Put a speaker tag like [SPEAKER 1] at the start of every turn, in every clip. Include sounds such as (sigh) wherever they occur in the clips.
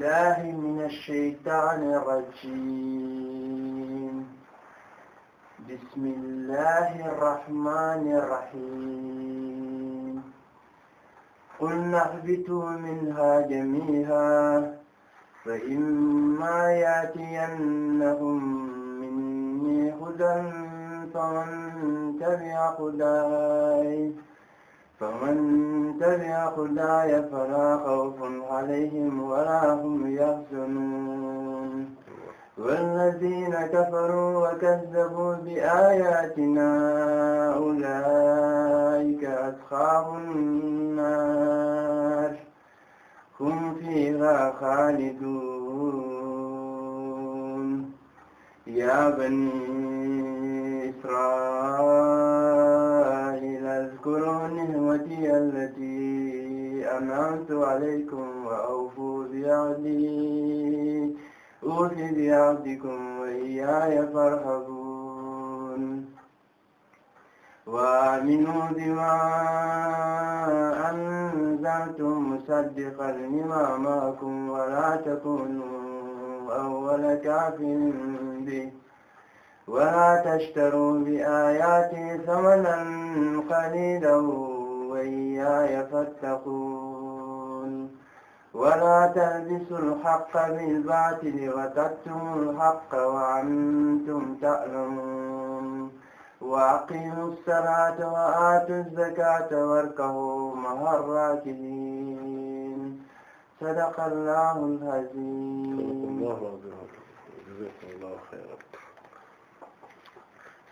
[SPEAKER 1] بالله من الشيطان الرجيم بسم الله الرحمن الرحيم قلنا اهبطوا منها جميعا فإما يأتينهم مني هدى فمن تبع هداي فمن تبع هداي فلا خوف عليهم ولا هم يحزنون والذين كفروا وكذبوا بآياتنا أولئك أصحاب النار هم فيها خالدون يا بني إسرائيل اذكروا هي التي أنعمت عليكم وأوفوا بعهدي أوف بعهدكم وإياي فارهبون وآمنوا بما أنزلتم مصدقا لما معكم ولا تكونوا أول كافر به ولا تشتروا بآياتي ثمنا قليلا وإياي فاتقون ولا تلبسوا الحق بالباطل وتكتموا الحق وأنتم تعلمون وأقيموا الصلاة وآتوا الزكاة واركعوا مع الراكعين صدق الله العظيم. صدق الله العظيم. جزاكم الله خيرا.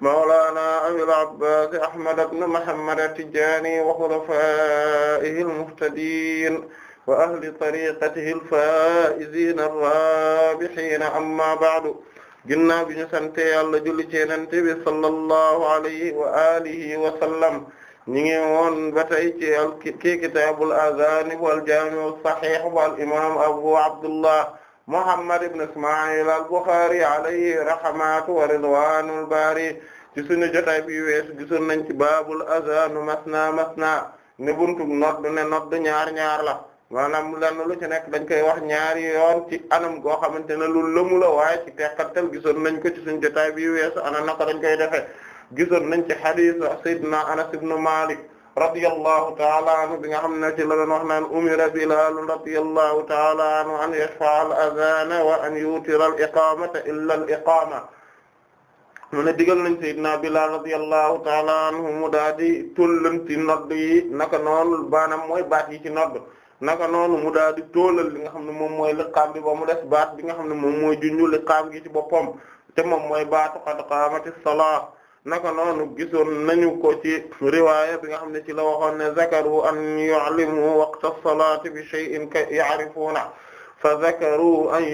[SPEAKER 2] mawlaana abil abbaas ahmad ibn muhammad at-tijaani wa xulafaa'ihi al-muhtadiin wa ahli tariiqatihi al-faa'iziina ar-raabihiina amma ba'du ginnaaw bi ñu sante Yàlla julli ci Yonent bi sallallahu alayhi wa aalihi wa sallam ñu ngi woon ba tey ci kitaabul azaan wal jaami' as-sahiih wal imaam abu abdullah Muhammad ibn Isma'il al-Bukhari alayhi rahmatu wa ridwanul bari ci suñu jotaay bi weesu gisoon nañ ci baabul azanu masna masna ne buntu nodd ne nodd ñaar ñaar la maanaam lenn lu ci nekk dañ koy wax ñaari yoon ci anam goo xamante ne lu lëmu la waaye ci teqattal gisoon nañ ko ci suñu jotaay bi weesu ana naka dañ koy defee gisoon nañ ci hadith sayyidina Anas ibn Malik radiyallahu ta'ala anhu bi nga xam na ci la doon wax naan umira Bilaal radiyallahu ta'ala anhu an yashfa'a al-adhaana wa an yutira al-iqaamata illa al-iqaama mu ne digal nañ Seydina Bilaal radiyallahu ta'ala anhu mu daal di tollanti nodd yi naka noonu baanaam mooy baat yi ci nodd naka noonu mu daal di toolal li nga xam ne moom mooy liqaam bi ba mu des baat bi nga xam ne moom mooy junju liqaam gi ci boppam te moom mooy baatu qad qaamati salaat naka noonu gisoon nañu ko ci riwaaya bi nga xam ne ci la waxoon ne zakaru an yu'allimu waqta salaati bi shay'in ka ya'rifuuna fa zakaru an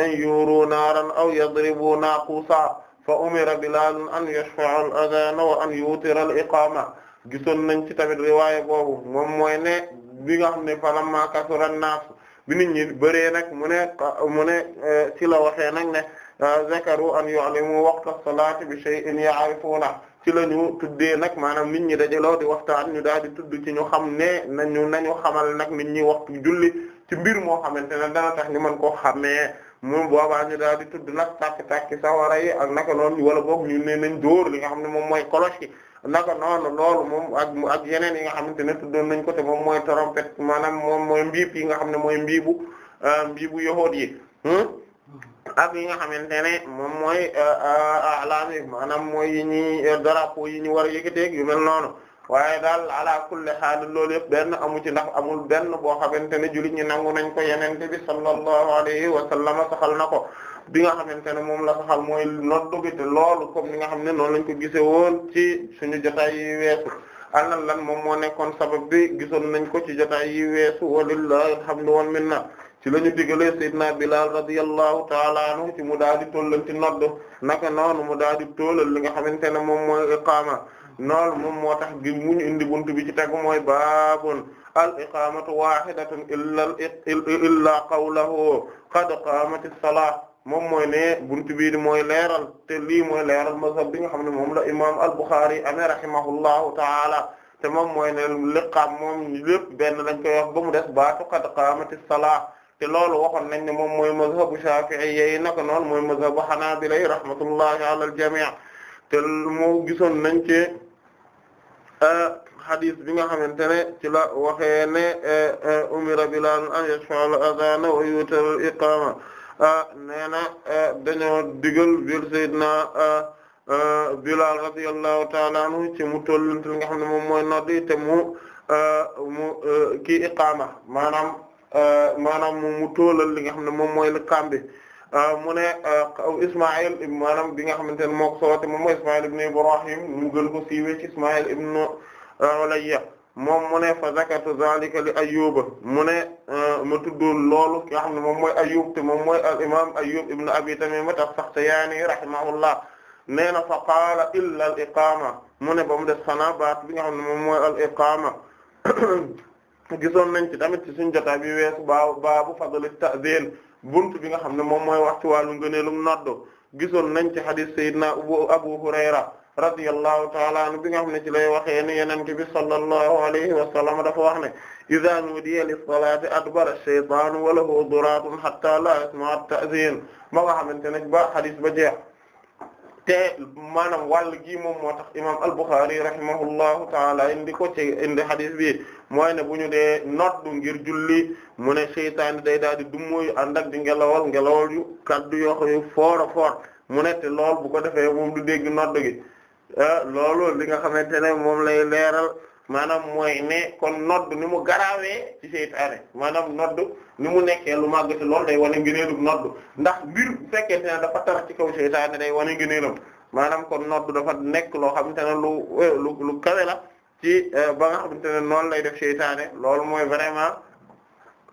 [SPEAKER 2] an yuuru naaran aw yadribu naaquusa fa umira Bilaal an yashfa'a al-adhaana wa an yuutira al-iqaama gisoon nañ ci tamit riwaaya boobu moom mooy ne bi nga xam ne falammaa kasura an-naas bi nit ñi bëree nag mu ne mu ne eh, ci la waxee nag ne Ah, zakaru an yu'limu waqta salaati bi shay'in ya'rifuna ci la ñu tuddee nag maanaam nit ñi dajaloo di waxtaan ñu daal di tudd ci ñu xam ne nañu nañu xamal nag nit ñi waxtu julli ci mbir moo xamante ne dana tax ñu mën koo xamee moom boobaa ñu daal di tudd nag tàkk-tàkk sawara yi ak naka noonu wala boog ñu ne nañ dóor li nga xam ne moom mooy cloche yi naka noonu loolu moom ak ak yeneen yi nga xamante ne tuddoon nañ ko te moom mooy trompette maanaam moom mooy mbiib yi nga xam ne mooy mbiibu ah, mbiibu yahuud yi hmm? ak yi nga xamante ne moom mooy euh, euh, alaam yi maanaam mooy yi ñuy euh, drapeau yi ñu war a yëkkateeg yu mel noonu waaye daal ala kulli haal loolu yëpp benn amu ci ndax amul benn boo xamante ne jullit ñi nangu nañ ko yenente bi sallallahu alayhi wa sallam saxal na ko bi nga xamante ne moom la saxal mooy noddu bi te loolu comme ni nga xam ne noonu lañ ko gise woon ci suñu jotaay yi weesu ana lan moom moo nekkoon sabab bi gisoon nañ ko ci jotaay yi weesu walillahi alhamdu woon minna ci la ñu digalee Seydina Bilal radiyallahu taala anhu ci mu daal di tollanti nodd naka noonu mu daal di tollal li nga xamante ne moom mooy iqaama noonu moom moo tax gi mu indi buntu bi ci tegu mooy baabun al iqaamatu waahidatun illal illaa qawluhu qad qaamati salaat moom mooy ne buntu bii di mooy leeral te lii mooy leeral mazhab bi nga xam ne moom la imaam al Bukhari amee rahimahullahu taala te moom mooy ne liqaam moom lépp benn lañ koy wax ba mu des baatu qad qaamati salaat te loolu waxoon nañ ne moom mooy mazhabu Shafi'i yey naka noonu mooy mazhabu Hanabila rahmatullahi ala al-jami' te moo gisoon nañ ci euh, hadith bi nga xamante ne ci la waxee ne euh, umira Bilal an yashfa'a al-adhana wa yu'ta al-iqama ah, nee na euh, dañoo digal bir Sayyidina Bilal radiyallahu ta'ala anhu ci mu tollantal nga xam ne moom mooy noddi te mu mu kii iqama maanaam Euh, maanaam mu toolal li nga xam ne moom mooy liqaam bi euh, mu ne euh, Ismaa'il maanaam bi nga xamante ne moo ko soote moom mooy Ismaa'il ibn Ibrahim mu gën ko siiwee ci Ismaa'il ibn Ulayya moom mu ne fa zakartu zalika li Ayyuba mu ne ma tuddul loolu ki nga xam ne moom mooy Ayyub te moom mooy al imaam Ayyub ibn Abi Tamima as-Saxtiyaani rahimahullah nee na fa qaala illa al iqaama mu ne ba mu des sanaa baat bi nga xam ne moom mooy al (clears throat) gisoon nañ ci tamit ci suñ jotaay bi weesu baabu baabu fadl ta'zin buntu bi nga xam ne moom mooy wax ci wàllu ngëneelum noddu gisoon nañ ci hadith sayyidina Abu Hurayra radiyallahu ta'ala anhu bi nga xam ne ci lay waxee ne yonent bi sallallahu alayhi wa sallam dafa wax ne idha nudiya lis-salati adbara ash-shaytanu wa lahu duratun hatta la yasma'a at-ta'zin ma nga xamante ne ba hadith ba jeex te maanaam wàll gi moom moo tax imam al-Bukhari rahimahullahu taala indi ko ci indi hadis bi mooy ne bu ñu dee noddu ngir julli mu ne seytaane day daal di dummóoyu ànd ak di ngelawal ngelawal yu kaddu yoo xam yu foor foor mu ne te lool bu ko defee moom du dégg noddu gi eh, loolu li nga xamante ne moom lay leeral maanaam mooy ne kon nodd ni mu garaawee ci seytaane maanaam nodd ni mu nekkee lu màgg te loolu day wane ngëneelum nodd ndax mbir bu fekkee ne dafa tar ci kaw seytaane day wane ngëneelam maanaam kon nodd dafa nekk loo xamante ne lu eh, lu lu la ci eh, ba nga xamante ne lay def seytaane loolu mooy vraiment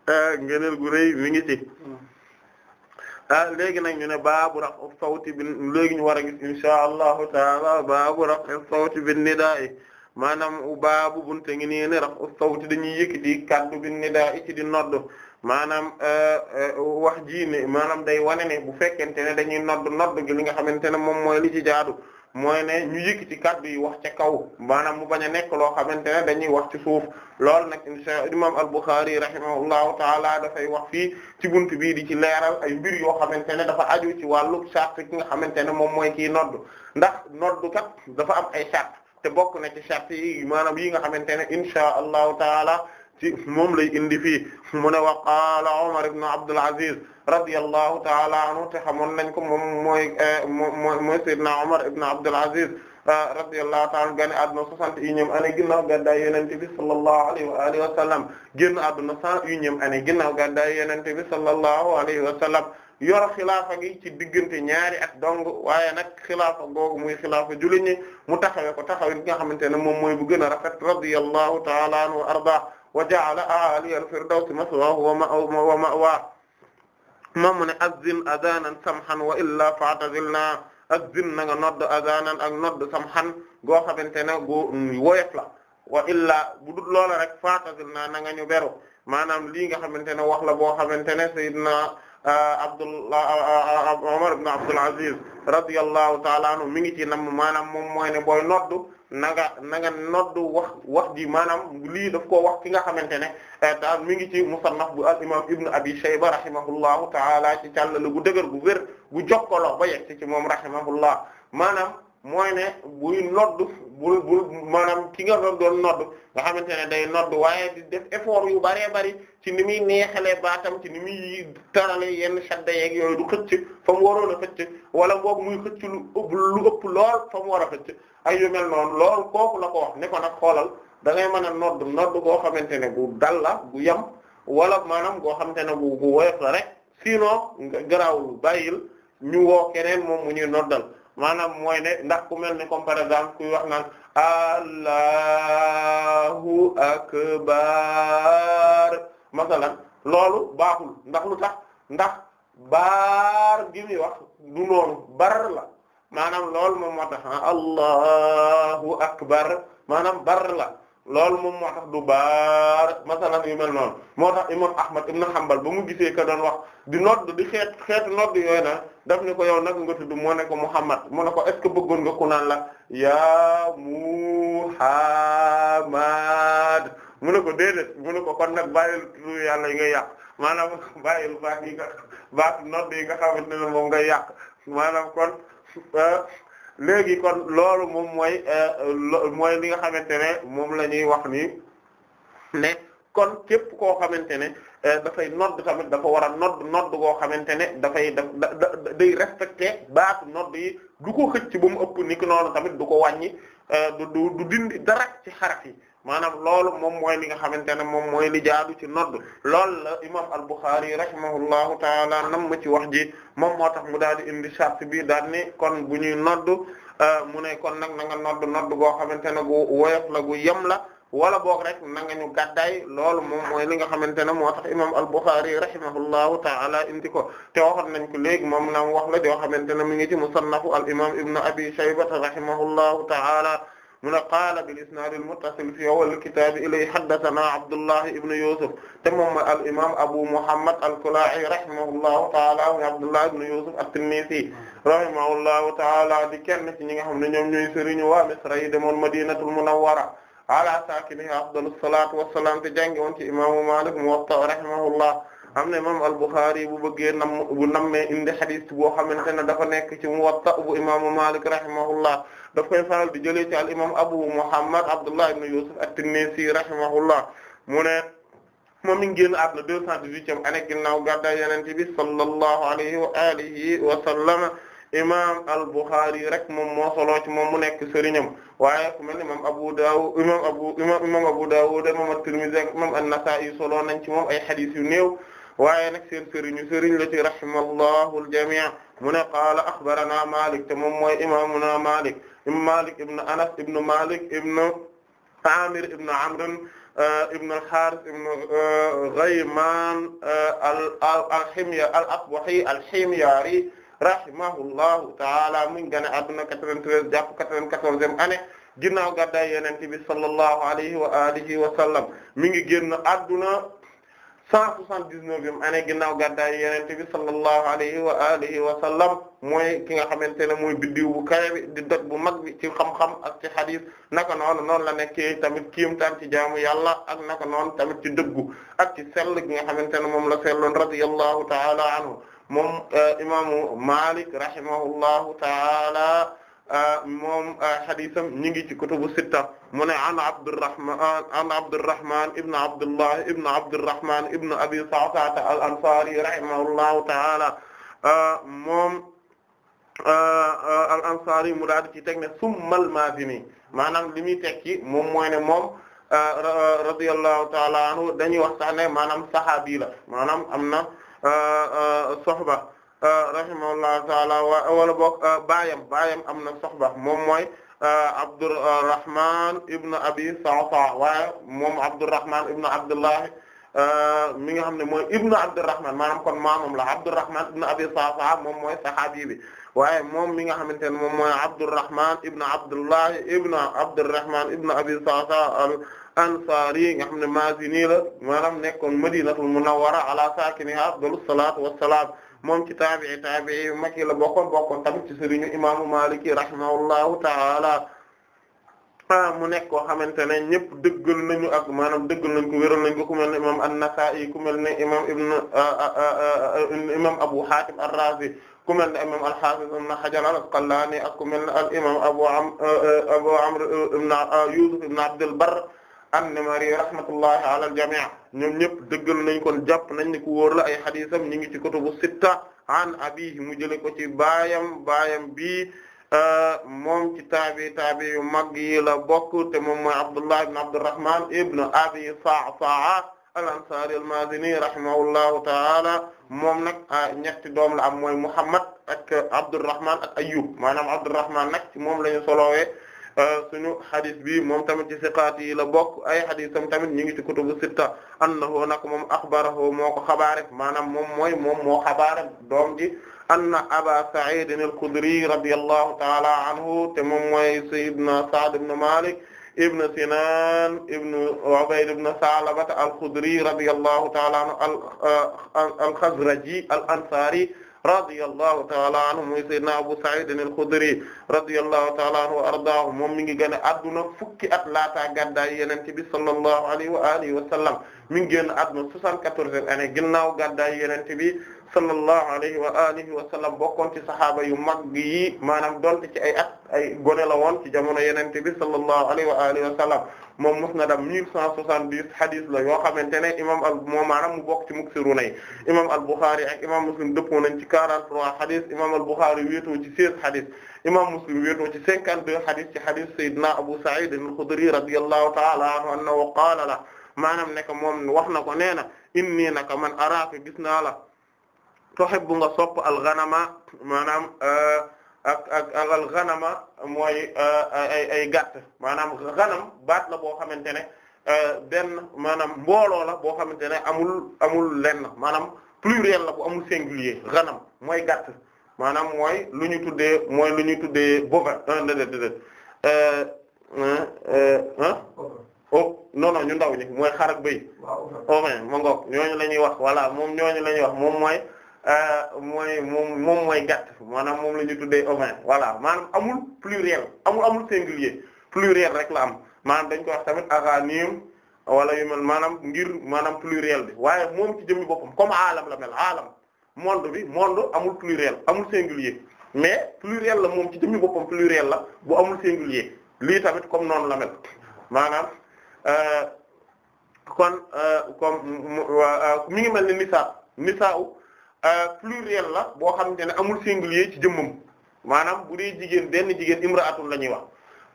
[SPEAKER 2] eh, ngëneel gu rëy mi ngi ci ah, léegi nag ne baabu raq sawti bi léegi ñu war a gis insha allahu taala baabu raq sawti bi nidaa'i maanaam baabu bunte ngi nii ne rafu sawti dañuy yëkkati kaddu bi ni daa ci di nodd maanaam eh, eh, wax ji ne maanaam day wane ne bu fekkente ne dañuy nodd nodd gi li nga xamante ne moom mooy li ci jaadu mooy ne ñu yëkkati kaddu yi wax ca kaw maanaam mu bañ a nekk loo xamante ne dañuy wax ci suuf loolu nag insha imam al-Bukhari rahimahullahu taala dafay wax fii ci bunt bii di ci leeral ay mbir yoo xamante ne dafa aju ci wàllu sart ki nga xamante ne moom mooy kii nodd ndax nodd kat dafa am ay sart te bokk na ci charte yi maanaam yi nga xamante ne inshaa allahu taala ci moom lay indi fii mu ne wa qaala Umar ibn Abdul Aziz radiyallahu taala anhu te xamoon nañ ko moom mooy eh, mooy mooy Seydina Umar ibn Abdul Aziz eh, radiyallahu taala génn àdduna soixante et unième année ginnaaw gàddaay Yonent bi sallallahu alayhi wa alihi wa sallam génn àdduna cent unième année ginnaaw gàddaay Yonent bi sallallahu alayhi yor xilaafa gi ci diggante ñaari at dong waaye nag xilaafa googu muy xilaafa jullit ñi mu taxawee ko taxawee bi nga xamante ne moom mooy bu gën a rafet radiyallahu ta'ala anhu wa arda wa ja'ala a'ali al-firdawsi maswaahu wa ma'waa moom mu ne azzin adanan samhan wa illa fa'tazilna azzin na nga nodd adanan ak nodd samhan goo xamante ne gu wa illa bu dul loola rek fa'tazilna na nga ñu beru maanaam lii nga xamante ne wax la boo xamante ne sayyidna Abdullah Umar ibn Abdul Aziz radiyallahu ta'ala anhu mi ngi ci nam maanaam moom mooy ne booy noddu na nga na noddu wax wax ji maanaam lii daf koo wax ki nga xamante ne euh, daal mi ngi ci musannaf bu al imam ibnu abi shayba rahimahullahu ta'ala ci càllale gu dëgër gu wér gu jokkaloo ba yegg ci moom rahimahullah maanaam mooy ne buy nodd bu bu maanaam ki nga doon doon nodd nga xamante ne day nodd waaye di def effort yu bëree bëri ci ni muy neexalee baatam ci ni muy tarale yenn shadda yeeg yooyu du xëcc fa mu waroon a xëcc wala boog muy xëcc lu ëpp lu ëpp lool fa mu war a xëcc ay yu mel noonu lool kooku la ko wax ne ak nag xoolal da ngay mën a nodd nodd goo xamante ne bu dal la bu yam wala maanaam goo xamante ne bu bu woyof la rek sinon nga garaawul bàyyil ñu woo keneen moom mu ñuy noddal. maanaam mooy ne ndax ku mel ni comme par exemple kuy wax naan allahu akbar masalan loolu baaxul ndax lu tax ndax baar gi muy wax du noonu bar la maanaam loolu moom moo tax akbar maanaam bar loolu moom moo tax du baar masalan yu mel noonu moo tax imam Ahmad ibn xambal ba mu gisee ka doon wax di nodd di xeet xeetu nodd yooyu na daf ne ko yow nag nga tudd moo ne ko Muhammad mu ne ko est ce que bëggoon nga naan la yaa mu ne ko déedéet mu ko kon nag bàyyil tudd yàlla yi ngay yàq maanaam (laughs) bàyyil baax yi nga baax nodd yi nga xamante ngay yàq maanaam kon ah, léegi kon loolu moom mooy euh, mooy li nga xamante ne moom la ñuy wax nii ne kon képp koo xamante ne euh, dafay nodd tamit dafa war a nodd nodd koo xamante ne dafay daf da day respecter baatu nodd yi du ko xëcc ba mu ëpp ni ki noonu tamit du ko wàññi euh, du du dindi dara ci xaraf yi maanaam loolu moom mooy li nga xamante ne moom mooy li jaadu ci nodd loolu la imam al-Bukhari rahimahullahu taala nam ma ci wax ji moom moo tax mu daal di indi charte bi daal ni kon bu ñuy nodd euh, mu ne kon nag na nga nodd nodd xamante ne gu woyof la gu yem la wala boog rek na nga ñu gàddaay loolu moom mooy li nga xamante ne moo tax imam al-Bukhari rahimahullahu taala indi ko te waxoon nañ ko léegi moom naam wax la joo xamante ne mi ngi ci musannafu al imam ibnu abi shaybata rahimahullahu taala mun a qaala bil isnaad al muttasil fi awwal kitaab ilay haddasanaa Abdullah ibn Yusuf te moom mooy al imaam Abu Muhammad al-Kalaa'i rahimahullahu ta'aala wa Abdullah ibn Yusuf at-Tinnisi rahimahullahu ta'aala di kenn ci ñi nga xam ne ñoom ñooy sëriñu waa Misra yi demoon Madinatul Munawwara ala saakinihaa afdalu salaatu wa salaam te jànge woon ci imaamu Maalik Muwatta rahimahullah am na imaam al-Bukhari bu bëggee nam bu nammee indi hadiis boo xamante ne dafa nekk ci Muwatta bu imaamu Maalik rahimahullah daf koy faral di jëlee ci al imam Abu Muhammad Abdullah ibn Yusuf at-Tinnisi rahimahullah mu ne moom mi ngi génn àdduna deux cent dix-huitième année ginnaaw gàddaay Yonent bi sallallahu alayhi wa alihi wa sallam imam al-Bukhari rek moom moo solo ci moom mu nekk sëriñam waaye ku mel ni imam Abu Dawud imam Abu imam Abu Dawud imam at-Tirmidhi ak imam an-Nasa'i solo nañ ci moom ay hadith yu néew waaye nag seen sëriñu sëriñ la ci rahimallahu al-jamii' mu ne qaala axbarana Malik te moom mooy imaamuna Malik ibn Malik ibn Anas ibn Malik ibn Amir ibn Amr euh, ibn al-Harith ibn euh, Ghayman euh, al-Himyari al-Asbahi al-Himyari rahimahullahu ta'ala mu ngi gane adduna 93 jàpp 94e année ginnaaw gàddaay Yonent bi sallallahu alayhi wa alihi wa sallam mi ngi génn adduna cent soixante-dix-neuvième année ginnaaw gàddaay yenente bi sallallahu alayhi wa alihi wa sallam mooy ki nga xamante ne mooy biddiw bu kawe di doj bu mag bi ci xam-xam ak ci xadiis naka noonu noonu la nekkee tamit kiimtaan ci jaamu yàlla ak naka noon tamit ci dëggu ak ci sell gi nga xamante ne moom la selloon radiyallahu taala anhu moom euh, imaamu Maalik rahimahullahu taala Euh, moom euh, xadisam ñi ngi ci kutubu sitta mu ne an Abdurrahman an Abdurrahman ibn Abdullah ibn Abdurrahman ibn Abi Sa'sa'ata al-Ansari rahimahullahu ta'ala euh, moom al-Ansari mu daal di ci teg ne summa al-Mazini maanaam li muy teg ci moom mooy ne moom radiyallahu ta'ala anhu dañuy wax sax ne maanaam saxaabi la maanaam am na soxba. Euh, rahimahullahu taala wala boog euh, baayam baayam am na soxba moom mooy euh, Abdurrahman ibn Abi Sa'sa waaye moom Abdurrahman ibn Abdullah mi nga xam ne mooy ibn Abdurrahman maanaam kon maamam la Abdurrahman ibn Abi Sa'sa moom mooy saxaabi bi waaye moom mi nga xamante ne moom mooy Abdurrahman ibn Abdullah ibn Abdurrahman ibn Abi Sa'sa al-Ansari nga xam ne Maazini la maanaam nekkoon Madinatul Munawwara ala saakinihaa afdalu salaatu wassalaam moom ci taabi'i taabi'i yu mag yi la bokkoon bokkoon tamit ci sëriñu imaamu Maliki rahimahullahu ta'ala mu nekk koo xamante ne ñëpp dëggal nañu ak maanaam dëggal nañ ko wéral nañ ko ku mel ne an-Nasa'i ku mel ne imam ibn imam Abu Hatim ar-Razi ku mel ne imam al-Hafiz ibn Hajar al ku mel ne al imam Abu Amr ibn Yusuf ibn Abd an-Namari rahmatullahi al-jami' ñoom ñëpp dëggal nañ kon jàpp nañ ni ku wóor la ay xadisam ñu ngi ci kutubu sitta an abihi mu jële ko ci baayam baayam bi euh, moom ci taabi taabi yu mag yi la bokk te moom mooy Abdullah ibn Abdurrahman ibn Abi Sa'sa'a al-Ansari al-Madini rahimahullahu ta'ala moom nag euh, ñetti doom la am mooy Muhammad ak Abdurrahman ak Ayyub maanaam Abdurrahman nag moom la ñu Euh, suñu xadis bi moom tamit ci siqaat yi la bokk ay xadisam tamit ñu ngi ci kutubu sitta annahu nag moom axbarahu moo ko xabaare maanaam moom mooy moom moo xabaare doom ji anna aba sa'id al-khudri radiyallahu ta'ala anhu te moom mooy sayyidna sa'd ibn malik ibn sinan ibn ubayd ibn sa'labata al-khudri radiyallahu ta'ala anhu al euh, al-khazraji al-ansari radiyallahu taala anhu muy sayyidina Abu Sa'id al-Khudri radiyallahu taala anhu wa ardaahu moom mi ngi génn adduna fukki at laataa gàddaay Yonent bi sallallahu alayhi wa alihi wa sallam mi ngi génn adduna 74e année ginnaaw gàddaay Yonent bi sallallahu alayhi wa alihi wa sallam bokkoon ci saxaaba yu mag yi maanaam donte ci ay at ay gone la woon ci jamono Yonent bi sallallahu alayhi wa alihi wa sallam moom musnadam 1170 hadith la yoo xamante ne imam al moo maanaam mu bokk ci muksiruna yi imam al Bukhari ak imam Muslim dëppoo nañ ci 43 hadith imam al Bukhari wéetoo ci 16 hadith imam Muslim wéetoo ci 52 hadith ci hadith Seydina Abu Sa'id al-Khudri radiyallahu ta'ala anhu annahu qaala la maanaam ne moom wax na ko nee na inni naka man araaka gis naa la tuhibbu nga sopp al-ghanama maanaam euh, ak ak al ganama mooy euh, ay ay gàtt maanaam ganam baat la boo xamante ne euh, benn maanaam mbooloo la boo xamante ne amul amul lenn maanaam pluriel la bu amul singulier ganam mooy gàtt maanaam mooy lu ñu tuddee mooy lu ñu tuddee bovin déedéet euh, oh non non ñu ndaw ñi mooy xar ak bëy ovin ma ngoog ñooñu la ñuy wax voilà moom ñooñu la wax moom mooy Euh, mooy moom moom mooy gàtt maanaam moom la ñu tuddee ovin voilà maanaam amul pluriel amul amul singulier pluriel rek la am maanaam dañ ko wax tamit aghanim wala yu mel maanaam ngir maanaam pluriel bi waaye moom ci jëmmi boppam comme alam la mel alam monde bi monde amul pluriel amul singulier mais pluriel la moom ci jëmmi boppam pluriel la bu amul singulier lii tamit comme noonu la mel maanaam euh, kon euh, comme mi ngi mel ni nisaa nisaa Euh, pluriel la boo xamante ne amul singulier ci jëmmam maanaam bu dee jigéen benn jigéen imraatun la ñuy wax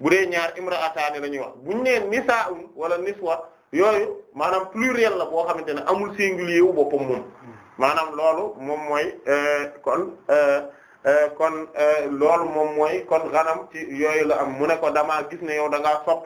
[SPEAKER 2] bu dee ñaar imraataani la ñuy wax buñu nee nisaa'un wala niswa yooyu maanaam pluriel la boo xamante ne amul singulier wu boppam moom maanaam loolu moom mooy euh, kon euh, kon loolu moom mooy kon xanam ci yooyu la am mu ne ko gis ne yow da ngaa sopp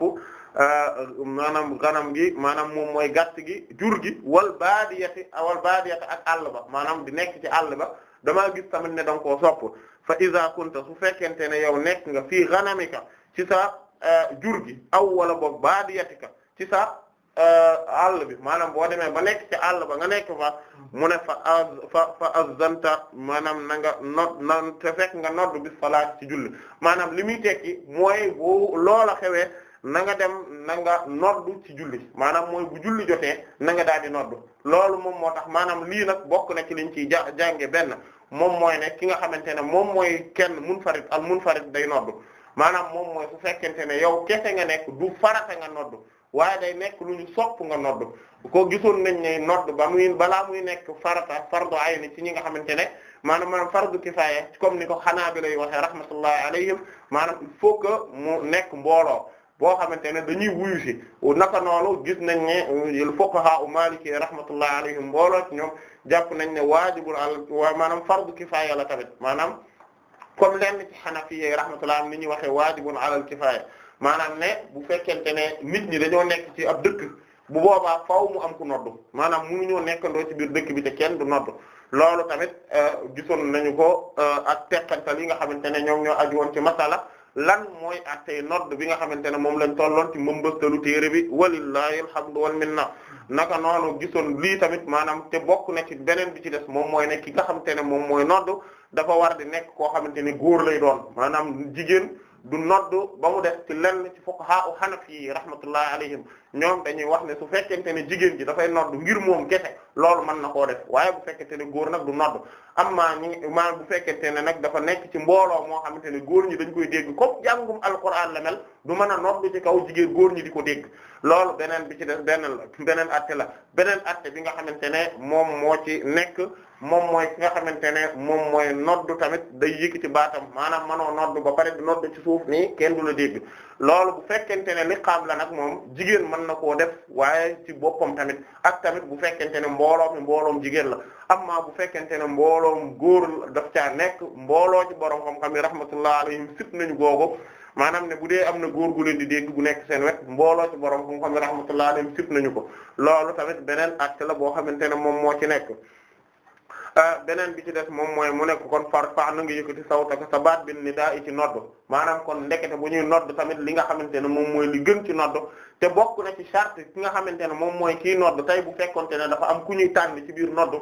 [SPEAKER 2] Euh, maanaam ganam gi maanaam moom mooy gàtt gi jur gi wal baadiyati wal baadiyati ak àll ba maanaam di nekk ci àll ba damaa gis tamit ne da nga koo sopp fa isa kunta su fekkente ne yow nekk nga fi fii ganamika ci sa euh, jur gi aw wala boog baadiyatika ci sa euh, àll bi maanaam boo demee ba nekk ci àll ba nga nekk fa mu ne fa fa fa azanta maanaam na nga not na fekk nga nodd bi salaat ci julli maanaam li mooy bu loola xewee na nga dem na nga noddu ci julli maanaam mooy bu julli jotee na nga daal di noddu loolu moom moo tax maanaam lii nag bokk na ci liñ ciy ja jànge benn moom mooy ne ki nga xamante ne moom mooy kenn munfarid al munfarid day noddu maanaam moom mooy su fekkente ne yow kese nga nekk du farata nga noddu waaye day nekk lu ñu nga noddu ko gisoon nañ ne nodd ba muy balaa muy nekk farata fardu ayni ci ñi nga xamante ne maanaam maanaam fardu kifaaya comme ni ko xanaa bi lay waxee rahmatullahi alayhim maanaam il faut mu nekk mbooloo boo xamante ne dañuy wuyu si naka noonu gis nañ ne fuqaha u maliki rahmatullahi alayhim mbooloo ñoom jàpp nañ ne waajibul al waa maanaam fardu kifaaya la tamit maanaam comme lenn ci xanafiye rahmatullah ni ñuy waxee waajibun alal kifaaya manam ne bu fekkente ne nit ñi dañoo nekk ci ab dëkk bu boobaa faaw mu am ku noddu maanaam mënuñoo nekkandoo ci biir dëkk bi te kenn du noddu loolu tamit euh, gisoon nañu ko euh, ak teqantal yi nga xamante ne ñoom ñoo aju woon ci masala lan mooy attey nodd bi nga xamante ne moom lañ tolloon ci mëmbëstalu téere bi walillahi alhamdu wal minna naka noonu gisoon lii tamit maanaam te bokk na ci beneen bi ci des moom mooy ne ki nga xamante ne moom mooy nodd dafa war di nekk koo xamante ne góor lay doon maanaam jigéen du noddu ba mu def ci lenn ci fuqaha u xanafi yi rahmatullahi alayhim ñoom dañuy wax ne su fekkente ne jigéen ji dafay noddu ngir moom kese loolu mën na koo def waaye bu fekkente ne góor nag du nodd amma ñi maa bu fekkente ne nag dafa nekk ci mbooloo moo xamante ne góor ñi dañ koy dégg comme jàngum alquran la mel du mën a nodd ci kaw jigéen góor ñi di ko dégg loolu beneen bi ci des beneen beneen atte la beneen atte bi nga xamante ne moom moo ci nekk moom mooy ki nga xamante ne moom mooy noddu tamit day ci baatam maanaam manoo noddu ba pare di noddu ci suuf nii kenn du la dégg loolu bu fekkente ne liqaam la nag moom jigéen mën na koo def waaye ci boppam tamit ak tamit bu fekkente ne mbooloo mi mbooloom jigéen la am amma bu fekkente ne mbooloom góor daf caa nekk mbooloo ci borom xam-xam yi rahmatullah alayhim sit nañu googu maanaam ne bu dee am na góor gu leen di dégg gu nekk seen wet mbooloo ci borom xam-xam yi rahmatullah alayhim sit nañu ko loolu tamit beneen acte la boo xamante ne moom moo ci nekk Ah, beneen bi ci des moom mooy mu nekk kon farfa na nga yëkkati sawtaka sa baat bin nidaa ci nodd maanaam kon ndekete bu ñuy nodd tamit li nga xamante ne moom mooy li gën ci nodd te bokk na ci charte ki nga xamante ne moom mooy kii nodd tey bu fekkonte ne dafa am ku ñuy tànn ci biir nodd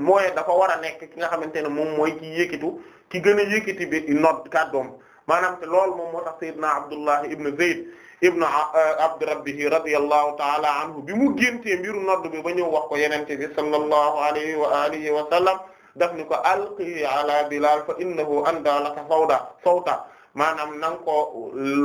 [SPEAKER 2] mooy dafa war a nekk ki nga xamante ne moom mooy ki yëkkitu ki gën a yëkkati bi nodd kàddoom maanaam te loolu moom moo tax Seydina Abdullah ibn Zayd ibnu eh, abdi rabbihi radiyallahu taala anhu bi mu géntee mbiru nodd bi ba ñëw wax ko yenente bi sallallahu alayhi wa alihi wa sallam daf ni ko alqi ala bilal fa innahu anda laka sawda sawta maanaam na nga ko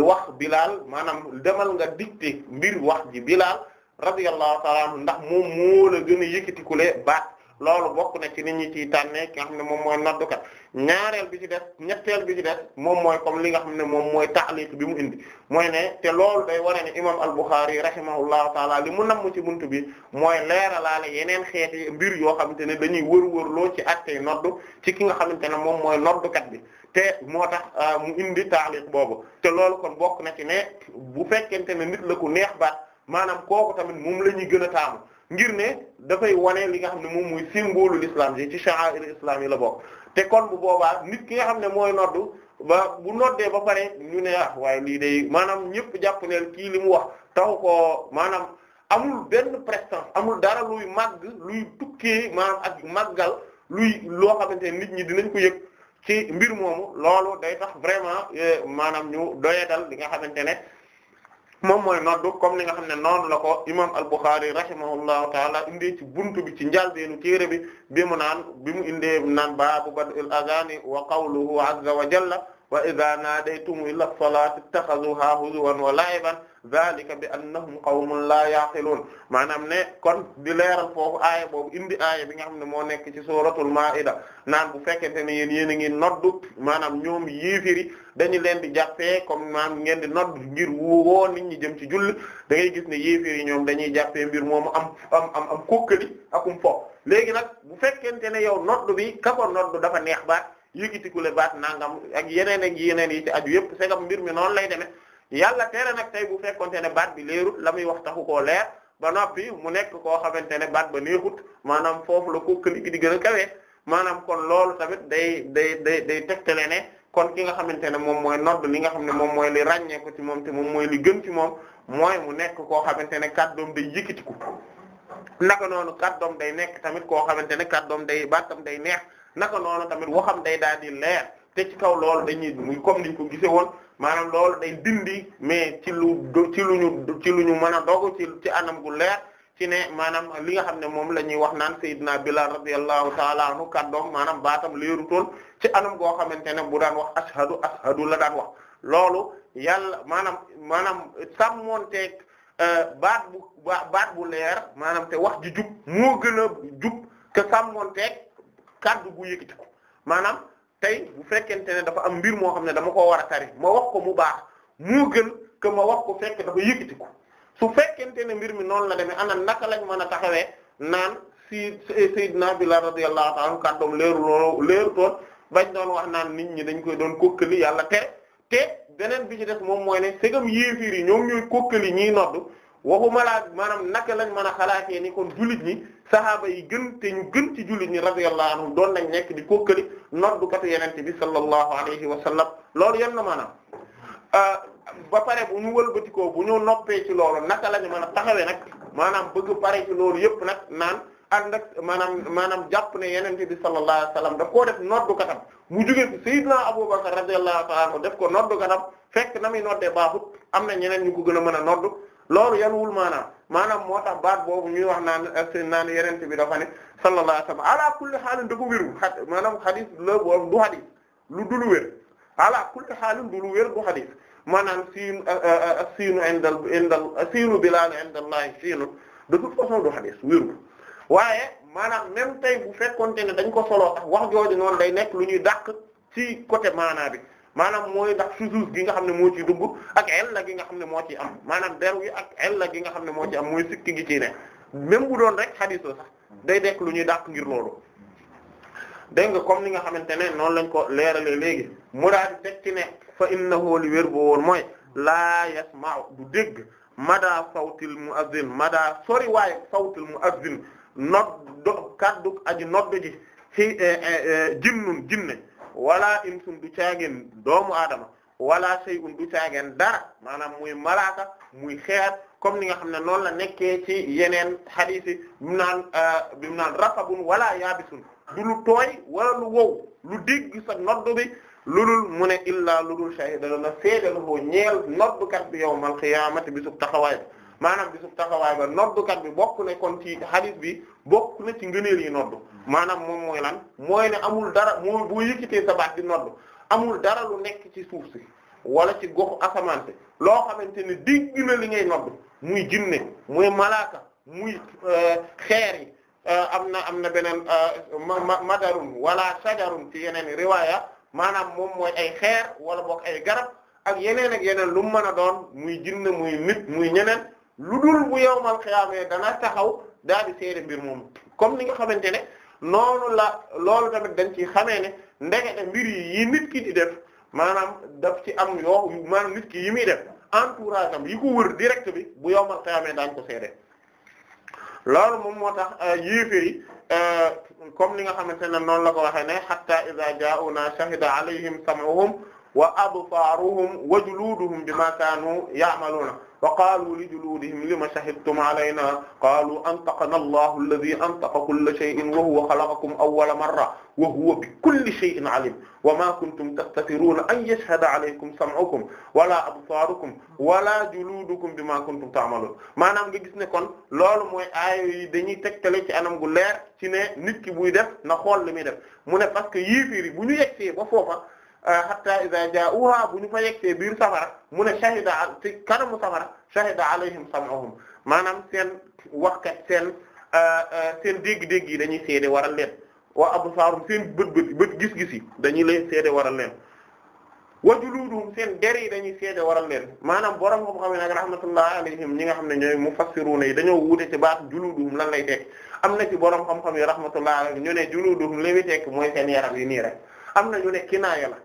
[SPEAKER 2] wax bilal maanaam demal nga dicté mbir wax ji bilal radiyallahu taala anhu ndax moom moo la gën a yëkkati kule baat loolu bokk na ci nit ñi ciy tànnee ki nga xam ne moom mooy noddukat ñaareel bi ci def ñetteel bi ci def moom mooy comme li nga xam ne moom mooy ta'liq bi mu indi mooy ne te loolu day wara ne imam al-Bukhari rahimahullahu taala li mu namm ci buntu bi mooy leeralaale yeneen xeeti mbir yoo xamante ne dañuy wër-wërloo ci attey noddu ci ki nga xamante ne moom mooy noddukat bi te moo tax ah, mu indi ta'liq boobu te loolu kon bokk na ci ne bu fekkente ne nit la ku neex baax maanaam kooku tamit moom la ñuy gën a taamu ngir ne dafay wane li nga xam ne moom mooy symbole l'islam ji ci sha'air islam yi la bokk te kon bu boobaa nit ki nga xam ne mooy noddu ba bu noddee ba pare ñu ne ah waaye lii de maanaam ñëpp jàpp ne kii li mu wax taw ko maanaam amul benn prestance amul dara luy màgg luy tukkee maanaam ak màggal luy loo xamante ne nit ñi dinañ ko yëg ci mbir moomu loolu day tax vraiment eh, maanaam ñu doyadal li nga xamante ne moom mooy noddu comme li nga xam ne noonu la ko imam al-Bukhari rahimahullahu taala indee ci buntu bi ci njàlbeenu téere bi bi mu naan bi mu indee naan baabu bad'il adhaani wa qawluhu azza wa jalla wa idha naadaytum ila as-salaati ittakhadhuha huzuwan wa la'iban zalika bi annahum qawmun la yaqilun maanaam ne kon di leeral foofu aaye boobu indi aaye bi nga xam ne moo nekk ci suratul maida naan bu fekkente ne yéen yéen a ngi noddu maanaam ñoom yéefiri dañu leen di jàppee comme maanaam ngeen di nodd ngir woo nit ñi jëm ci julli da ngay gis ne yéefiri ñoom dañuy jàppee mbir moomu am am am am kókkali akum léegi nag bu fekkente ne yow noddu bi ka ko noddu dafa neex baat yëkkati ku le baat nangam ak yeneen ak yeneen yi ci aju se segam mbir mi noonu lay demee yàlla tere nag tey bu fekkonte ne baat bi leerut la muy wax taxu koo leer ba noppi mu nekk koo xamante ne baat ba neexut maanaam foofu la ko këli gi gën a kawe maanaam kon loolu tamit day day day day tegtale ne kon ki nga xamante ne moom mooy nodd li nga xam ne moom mooy li ràññee ko ci moom te moom mooy li gën ci moom mooy mu nekk koo xamante ne kàddoom day ko naka noonu kàddoom day nekk tamit koo xamante ne kàddoom day baatam day neex naka noonu tamit waxam day daal di leer ci kaw loolu dañuy muy comme niñ ko gisee woon maanaam loolu day dindi mais ci lu ci lu ñu ci lu ñu mën a dogu ci ci anam gu leer ci ne maanaam li nga xam ne moom la ñuy wax naan Seydina Bilal radiyallahu taala anhu kaddoom maanaam baatam leeru tol ci anam goo xamante ne bu daan wax ashadu ashadu la daan wax loolu yàlla maanaam maanaam sàmmonteeg euh, baat bu baat bu leer maanaam te wax ji jub moo gën a jub te sàmmonteeg kaddu gu yëkkati ko maanaam tey bu fekkente ne dafa am mbir moo xam ne dama koo war a tari ma wax ko mu baax mu gën ko ma wax ko fekk dafa di ko su fekkente ne mbir mi noonu la demee ana naka lañ mën a taxawee naan si Seydina Bilal radiyallahu ta'ala kàddoom leeru loolu leeru toon bañ doon wax naan nit ñi dañ koy doon kokkali yàlla tere te beneen bi ci des moom mooy ne segam yéefiir yi ñoom ñooy kokkali ñiy nodd waxuma laa maanaam naka lañ mën a xalaatee ni kon jullit ñi sahaaba yi gën te ñu gën ci julit ñi radiyallahu anhum doon nañ nekk di kokkali noddukatu yenente bi sallallahu alayhi wa sallam loolu yem na maanaam euh, ba pare bu ñu wëlbatikoo bu ñu noppee ci loolu naka lañu mën a taxawee nag maanaam bëgg pare ci loolu yëpp nag naan ànd ak maanaam maanaam jàpp ne yenente bi sallallahu alayhi wa sallam koo def noddukatam mu jógee ci sayyidna Abubakar radiyallahu ta'ala anhu def ko noddukatam fekk na muy noddee baaxut am na ñeneen ñu ko gën mën a noddu loolu yanuwul maanaam maanaam moo tax baat boobu ñuy wax naan ak naan yeneen bi dafa ne sallallahu alayhi wa sallam ala kulli xaalin da ko wéru maanaam xadis la boobu du xadis lu dul lu wér kulli xaalin du lu wér du xadis maanaam siinu siinu indal indal siinu bilaal indallahi siinu de toute façon du xadis wéru waaye maanaam même tey bu fekkonte ne dañ ko soloo tax wax jooju noon day nekk lu ñuy dàq ci côté maanaa bi maanaam mooy ndax susuus gi nga xam ne moo ci dugg ak ella gi nga xam ne moo ci am maanaam der wi ak ella gi nga xam ne moo ci am mooy sikki gi ci ne même bu doon rek xadiso sax day dekk lu ñuy dàq ngir loolu dégg nga comme ni nga xamante ne noonu lañ ko leeralee léegi mu daal di tekki ne fa innahu li wér boo woon mooy laa yasma'u du dégg mada sawtil mu'azzin mada sori waaye sawtil mu'azzin nodd kaddu aji nodd ji ci eh, eh, eh, jinnun jinne wala insun du caageen doomu aadama wala shay'un du caageen dara maanaam muy malaaka muy xeer comme ni nga xam ne noonu la nekkee ci yeneen xadiis yi mu naan euh, bi mu naan rafabun wala yaabisun du lu tooy wala lu wow lu digg sa noddu bi lulul mu ne illaa lulul shahida la seedal hoo ñeel noddukat bi yawmal qiyaamati bisub taxawaay maanaam bi bisub taxawaay ba noddukat bi bokk ne kon ci hadith bi bokk na ci ngëneel yi noddu maanaam moom mooy lan mooy ne amul dara mooy boo yëkkitee sa di noddu amul dara lu nekk ci suuf si wala ci goxu asamaan si loo xamante ne digg na li ngay noddu muy jinne muy malaaka muy euh, xeer yi euh, am na am na beneen euh, madarun wala sajarun ci yeneen riwaaya maanaam moom mooy ay xeer wala bokk ay garab ak yeneen ak yeneen lu mu mën a doon muy jinne muy nit muy ñeneen lu dul bu yowmal xiyaamee dana taxaw daal di seede mbir moomu comme ni nga xamante ne noonu la loolu tamit dañ ci xamee ne ndekete mbir yi yi nit di def maanaam daf ci am yoo maanaam nit ki yi muy def entourage am yi ko wër direct bi bu yowmal xiyaamee daañ ko seede loolu moom moo tax euh, yéeféri euh, comme li nga xamante ne noonu la ko waxee ne hatta iza ja'una shahida alayhim sam'uhum wa absaruhum wa juluduhum bima kanu ya'maluna fa qaalu li juluudihim lima shahidtum alaynaa qaalu antaqana allahu alladhi antaqa kulla shay'in wa huwa khalaqakum awwala marra wa huwa bi kulli shay'in alim wa ma kuntum tastatiruuna an yashhada alaykum sam'ukum wala absaarukum wala juluudukum bima kuntum ta'maluun maanaam nga gis ne kon loolu mooy aaya yi dañuy tegtale ci anam gu leer ci ne nit ki buy def na xool li muy def mu ne parce que yéeféer yi bu ñu yegsee ba foofa hatta iza jaa'uha bu ñu fa yegsee biir safara mu ne shahida ci kanamu safara shahida alayhim sam'uhum maanaam seen waxkat seen euh, euh, seen dégg-dégg yi dañuy seede waral leen wa absaarum seen bët bët bët gis-gis yi dañuy leen seede waral leen wa juluduhum seen der yi dañuy seede waral leen maanaam borom xam-xam yi nag rahmatullahi alayhim ñi nga xam ne ñooy mufassiruna yi dañoo wuute ci baat juluduhum lan lay tekk am na ci borom xam-xam yi rahmatullahi alayhim ñu ne juluduhum li muy tekk mooy seen yaram yi nii rek am na ñu ne kinaaya la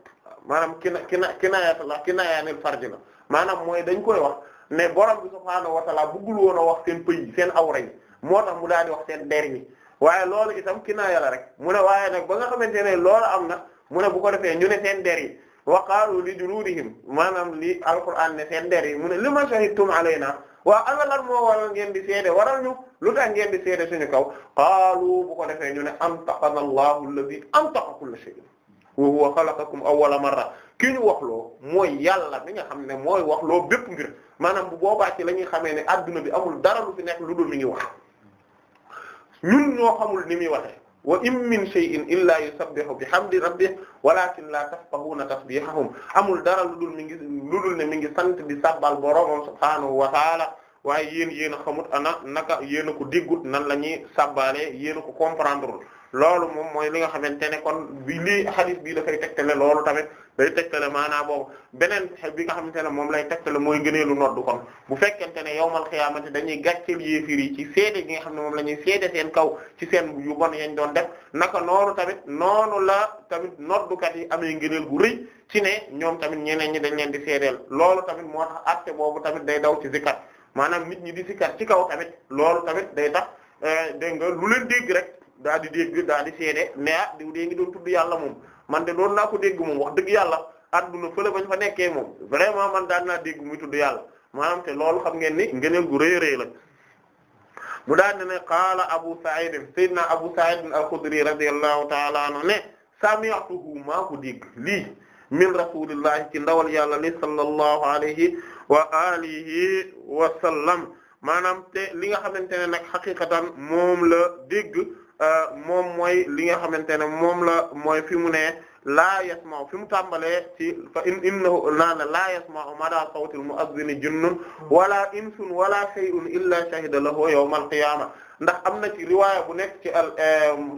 [SPEAKER 2] maanaam kina kina kinaayat la kinaayaanil farji la maanaam mooy dañ koy wax ne borom bi subhaanahu wa ta'ala bëggul woon a wax seen pëy seen awra yi moo tax mu daal di wax seen deri yi waaye loolu itam kinaaya la rek mu ne waaye nag ba nga xamante ne loolu am na mu ne bu ko defee ñu ne seen der yi wa qaalu li juluudihim maanaam li alquraan ne seen der yi mu ne lima shahidtum alaynaa waaw ana lan moo waral ngeen di seede waral ñu lu tax ngeen di seede suñu kaw qaalu bu ko defee ñu ne antaqana allahu alladhi antaqa kulla shay'in wa huwa xalaqakum awwala marra ki ñu waxloo mooy yàlla mi nga xam ne mooy waxloo bépp ngir maanaam bu boobaa ci la ñuy xamee ne adduna bi amul dara lu fi nekk lu dul mi ngi wax ñun ñoo xamul ni muy waxee wa in min shay'in illaa yusabbihu bihamdi rabbih walakin la tafqahuna tasbihahum amul dara lu dul mi ngi lu dul ne mi ngi sant di sabbal boroomam subhaanahu wa taala waaye yéen yéen a xamut ana naka yéen a ko diggut nan la ñuy sàbbaale yéen a ko comprendre loolu moom mooy li nga xamante ne kon bii lii xadis bii la dafay tegtale loolu tamit day tegtale maanaam boobu beneen bi nga xamante ne moom lay tegtale mooy gëneelu noddu kon bu fekkente ne yawmal xiyaamati dañuy gàcceel yéefir yi ci seede gi nga xam ne moom la ñuy seede seen kaw ci seen yu bon yañ doon def naka noonu tamit noonu la tamit noddukat yi amee ngëneel gu rëy ci ne ñoom tamit ñeneen ñi dañ leen di seedeel loolu tamit moo tax acte boobu tamit day daw ci zikar maanaam nit ñi di zikar ci kaw tamit loolu tamit day tax eh, dégg nga lu leen dégg rek. daa di dégg daa di seede ne ah ngi doon tudd yàlla moom man de doon naa ko dégg moom wax dëgg yàlla adduna fële bañ fa nekkee moom vraiment man daan naa dégg muy tudd yàlla maanaam te loolu xam ngeen ni ngëneel gu rëy rëy la mu daan ne ne qaala Abu Sa'id sayyidina Abu Sa'id al-Khudri radiyallahu ta'ala anhu ne sami'tuhu maa ko dégg lii min rasulillahi ci ndawal yàlla li sallallahu alayhi wa alihi wa sallam maanaam te li nga xamante ne nag xaqiqatan moom la dégg Euh, moom mooy li nga xamante ne moom la mooy fi mu ne la yasma'u fi mu tàmbalee ci fa in innahu naana laa yasma'u mada sawtil mu'adhdhin junnun wala insun wala shay'un illa shahida lahu yawm al-qiyamah ndax am na ci riwaaya bu nekk ci al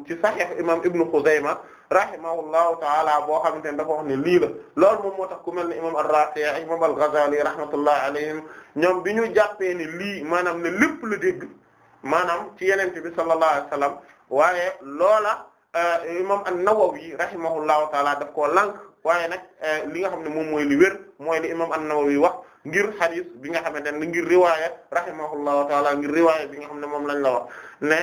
[SPEAKER 2] ci sahih imam ibnu Khuzaymah rahimahullahu taala boo xamante ne dafa wax ne lii la lool moom moo tax ku mel ne imam ar-Rafi'i imam al-Ghazali rahmatullahi alayhim ñoom bi ñu jàppee ne lii maanaam ne lépp la dégg maanaam ci yenente bi sallallahu alayhi wasallam waaye loola euh, imam an-Nawawi rahimahullahu taala def ko lànk waaye nag euh, li nga xam ne moom mooy li wér mooy li imam an-Nawawi wax ngir xadis bi nga xamante ne ngir riwaaya rahimahullahu taala ngir riwaaya bi nga xam ne moom lañ la wax ne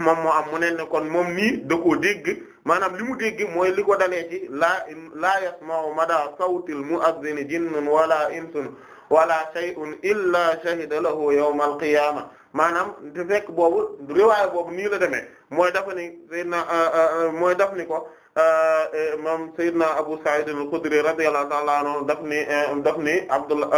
[SPEAKER 2] moom moo am mu ne ne kon moom nii da koo dégg maanaam li mu dégg mooy li ko dalee ci laa laa yasma'u mada sawtil mu'adhdhin jinnun wala insun wala shay'un illa shahida lahu yawm al-qiyamah maanaam te fekk boobu riwaaya boobu nii la demee mooy dafa ni Seydina euh, euh, mooy daf ni ko euh, moom Seydina Abu Sa'id al-Khudri radiyallahu ta'ala anhu daf ni daf ni Abdullah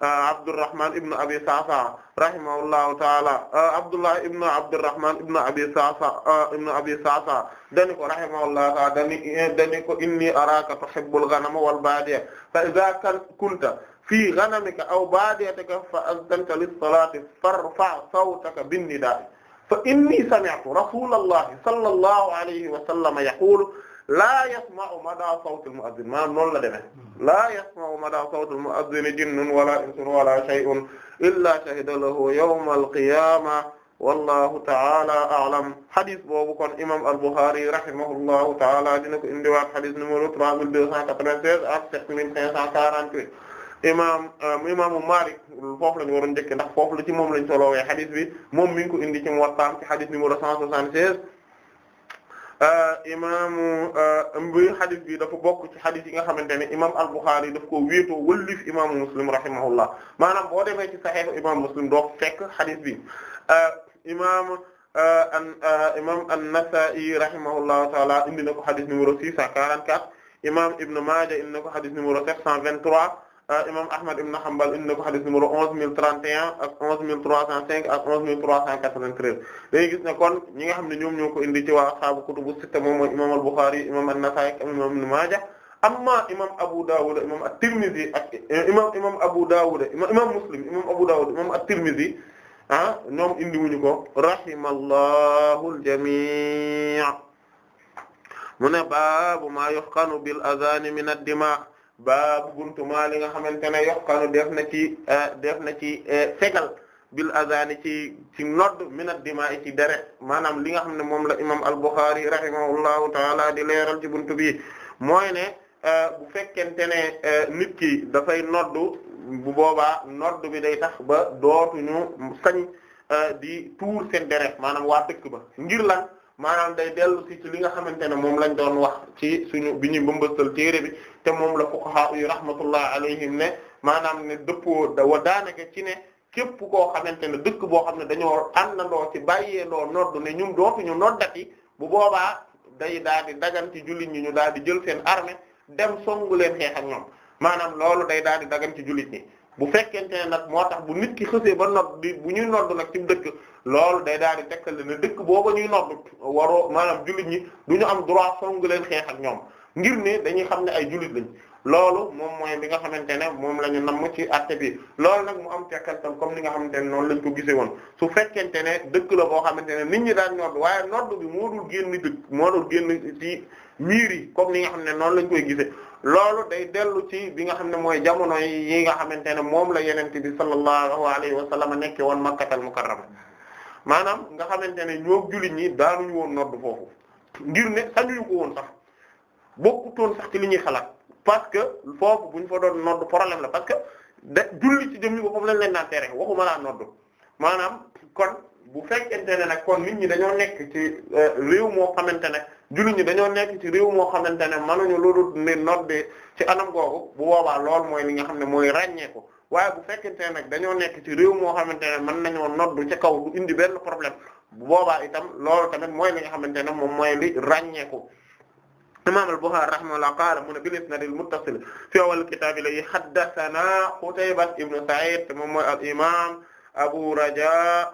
[SPEAKER 2] Abdurrahman ibn Abi Sa'sa rahimahullahu ta'ala Abdullah ibn Abdurrahman ibn Abi Sa'sa ibn Abi Sa'sa dani ko rahimahullahu ta'ala dani eh, dani ko inni araka tuhibbul ghanama wal badiya fa idha kunta fii ghanamika aw baadiyatika fa azanta lis-salaati farfa' sawtaka bin-nidaa fa inni sami'tu rasuulallahi sallallahu alayhi wa sallam yaquulu laa yasma'u madaa sawtil mu'adhdhin maanaam noonu la demee laa yasma'u madaa sawtil mu'adhdhin jinnun walaa insun walaa shay'un illaa shahida lahu yawmal qiyaamah wallahu ta'ala a'lam hadith boobu kon imam al-Bukhari rahimahullahu ta'ala dina ko indiwaat hadith numéro 3296 ak 7548 imaam euh, imaamu Maalik foofu la ñu waroon njëkk ndax foofu la ci moom lañ solowee xadis bi moom mi ngi ko indi ci Muwattaam ci xadis numéro 176. Euh, imaamu euh, mbi xadis bi dafa bokk ci xadis yi nga xamante ne imaam al-Bukhari daf ko wéetoo wëllif imaamu Muslim rahimahullah maanaam boo demee ci saxiix imaam Muslim doo fekk xadis bi imaam an imaam an-Nasa'i rahimahullahu taala indi na ko xadis numéro 644 imaam Ibn Maaja indi na ko xadis numéro 723. Euh, imam Ahmad ibn Hanbal indi na ko xadis numéro onze mille trente et un ak onze mille trois cent cinq ak onze mille trois cent quatre-vingt-treize dañuy gis ne kon ñi nga xam ne ñoom ñoo ko indi ci waa ashaabu kutubu sitta moom mooy imam al-Bukhari imam an-Nasa'i ak imam Ibn Maaja amma imam Abu Dawud imam at-Tirmidhi ak imam imam Abu Dawud imam Muslim imam Abu Dawud imam at-Tirmidhi ah ñoom indi wuñu ko rahimallahu al-jami' mu ne baabu ma yuhqanu bil adhan min ad-dima' baabu buntu maa li nga xamante ne yokkanu def na ci eh, def na ci eh, fegal bil azani ci ci nodd min ad-dimaa ci dere maanaam li nga xam ne moom la imam al-Bukhari rahimahullahu taala di leeral ci bunt bi mooy ne eh, bu fekkente ne nit ki dafay nodd bu boobaa nodd bi day tax ba dootuñu sañ di tuur seen deret maanaam waa dëkk ba ngir lan maanaam day dellusi ci li nga xamante ne moom lañ doon wax ci suñu bi ñuy mbëmbastal téere bi te moom la fuqaha yu rahmatullah alayhim ne maanaam ne dëppoo da wa daanaka ci ne képp koo xamante ne dëkk boo xam ne dañoo àndandoo ci bàyyeendoo noddu ne ñum dootuñu noddati bu boobaa day daal di dagan jullit ñi ñu daal di jël feen armée dem songu leen xeex ñoom maanaam loolu day daal di dagan ci jullit ñi bu fekkente ne nag moo tax bu nit ki xësee ba nodd di bu ñuy nodd nag ci dëkk loolu day daal di tegtal ne dëkk boobu ñuy nodd waroo maanaam jullit ñi du ñu am droit songu leen xeex ak ñoom ngir ne dañuy xam ne ay jullit lañ loolu moom mooy bi nga xamante ne moom la ñu namm ci àtte bi loolu nag mu am tekkantal comme li nga xam ne noonu lañ ko gisee woon su fekkente ne dëkk la boo xamante ne nit ñi daan nodd waaye nodd bi moo dul génn dëkk moo dul génn ci miir yi comme li nga xam ne noonu lañ koy gisee loolu day dellu ci bi nga xam ne mooy jamono yi nga xamante ne moom la yenent bi sallallahu alayhi wa sallam nekke woon makkatal mukarrama maanaam nga xamante ne ñoo jullit ñi daanuñu woon nodd foofu ngir ne sañuñu ko woon sax bokkutoon sax ci li ñuy xalaat parce que foofu bu ñu fa doon nodd problème la parce que da julli ci jëm ñi boppam lañ leen naan tere waxuma laa nodd maanaam kon bu fekkente ne nag kon nit ñi dañoo nekk ci euh, réew moo xamante ne jullit ñi dañoo nekk ci réew moo xamante ne mënuñu loolu ne noddee ci anam googu bu boobaa lool mooy li nga xam ne mooy ràññeeku waaye bu fekkente ne nag dañoo nekk ci réew moo xamante ne mën nañoo noddu ca kaw du indi benn problème bu boobaa itam loolu tamit mooy li nga xamante ne moom mooy li ràññeeku imam al-Bukhari rahimahullah qaala mu ne bil isnad al-muttasil fi awwal kitaab li haddathana Qutayba ibn Sa'id moom mooy al imam Abu Raja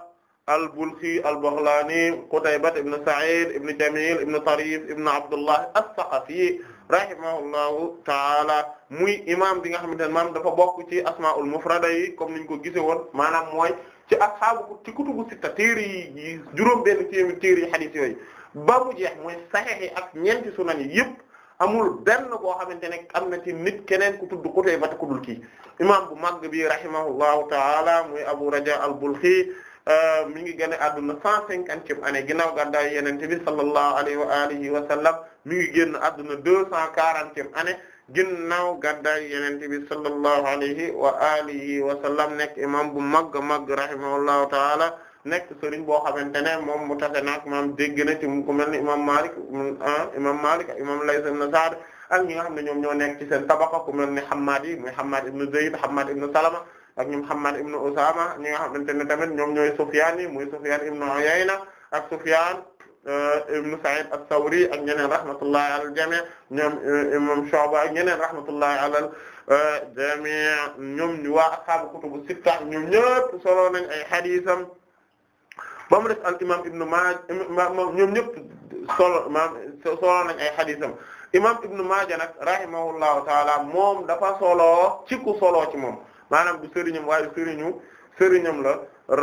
[SPEAKER 2] al-Balkhi al-Baghlani Qutayba ibn Sa'id ibn Jamil ibn Tarif ibn Abdullah as-Saqafi rahimahullahu taala muy imam bi nga xamante ne maanaam dafa bokk ci asmaul mufrada yi comme niñ ko gise woon maanaam mooy ci ashaabu ci kutubu sitta téere yi juróom benn téeméer téere yi hadith yooyu ba mu jeex mooy saxiix yi ak ñeenti sunan yi yëpp amul benn boo xamante ne am na ci nit keneen ku tudd Qutayba te ku dul kii imam bu mag bi rahimahullahu taala muy Abu Raja al-Balkhi Euh, mi ngi génn adduna cent cinquantième année ginnaaw gàddaay yenente bi sallallahu alayhi wa alihi wa sallam mi ngi génn adduna deux cent quarantième année ginnaaw gàddaay yenente bi sallallahu alayhi wa alihi wa sallam nekk imam bu magg magg rahimahullahu taala nekk sëriñ boo xamante ne moom mu tase naag maam dégg na ku mu mel ni imam Malik ah, imam Malik imam Layth ibn Sa'd ak ñi nga xam ne ñoom ñoo nekk ci seen tabaqa ku mel ni Hammad yi muy Hammad ibn Zayd Hammad ibn Salama ak ñoom Hammad ibn Usama nga xamante ne tamit ñoom ñooy Sufyaan yi muy Sufyaan ibn Uyayna ak Sufyaan euh, ibn Sa'id ath-Thawri ak ñeneen rahmatullahi alal jamii ñoom euh, imam Shu'ba ak ñeneen rahmatullahi alal euh, jamii ñoom ñu waa ashaabu kutubu sitta ñoom ñëpp solo nañ ay hadiisam ba mu al imam ibn Maaja ñoom ay hadiisam imam ibn Maaja rahimahullahu taala moom dafa solo ci solo ci moom. maanaam du sëriñam waaye sëriñu sëriñam la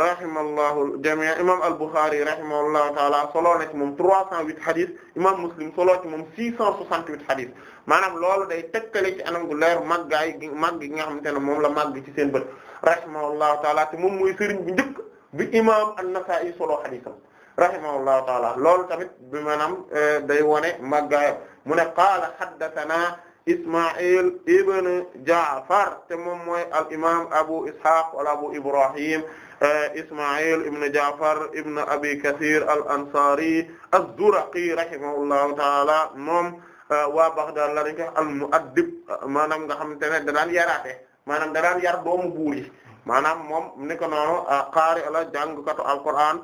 [SPEAKER 2] rahimaallahu jamia imam al-Bukhari rahimahullahu taala soloo na ci moom trois cent huit hadith imam Muslim soloo ci moom six cent soixante-huit hadith maanaam loolu day tekkale ci anam gu leer màggaay gi màgg gi nga xamante ne moom la màgg ci seen bët rahimahullahu taala te moom mooy sëriñ bu njëkk bi imam an-Nasa'i soloo haditham rahimahullahu taala loolu tamit bi maanaam eh, day wone màggaayam mu ne qaala haddathana Isma'il ibn Ja'far te moom mooy al imaam Abu Ishaq wala Abu Ibrahim euh, Isma'il ibn Ja'far ibn Abi Kathir al Ansari az-Zuraqi rahimahullahu ta'ala moom euh, waa Baghdad la nga al mu'addib maanaam nga xamante ne da daan yaraate maanaam da yar doomu buur yi maanaam moom ni ko noonu qaari euh, la jàngkatu Alqur'aan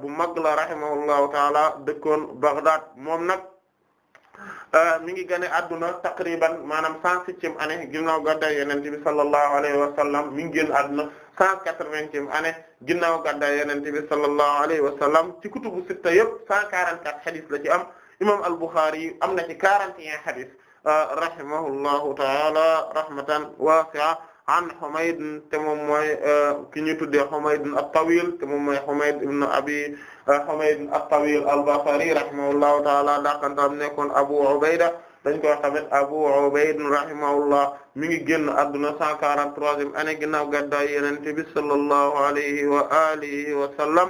[SPEAKER 2] bu mag la rahimahullahu ta'ala dëkkoon Baghdad moom nag. Euh, mi ngi gane adduna taqriban maanaam cent septième année ginnaaw gàddaay yonent bi sallallahu alayhi wa sallam mi ngi génn adduna cent quatre-vingtième année ginnaaw gàddaay yonent bi sallallahu alayhi wa sallam ci kutubu sitta yëpp cent quarante-quatre hadith la ci am imam al-Bukhari yi am na ci quarante et un hadith euh, rahimahullahu ta'ala rahmatan wasi'a an Humayd te moom mooy euh, ki ñu tuddee Humayd at-Tawil te moom mooy Humayd ibn Abi euh, Humayd at-Tawil al-Basri rahimahullahu ta'ala dakantam nekkoon Abu Ubayda dañ koy xamit Abu Ubayd rahimahullah mi ngi génn adduna 143e année ginnaaw gàddaay Yonent bi sallallahu alayhi wa alihi wa sallam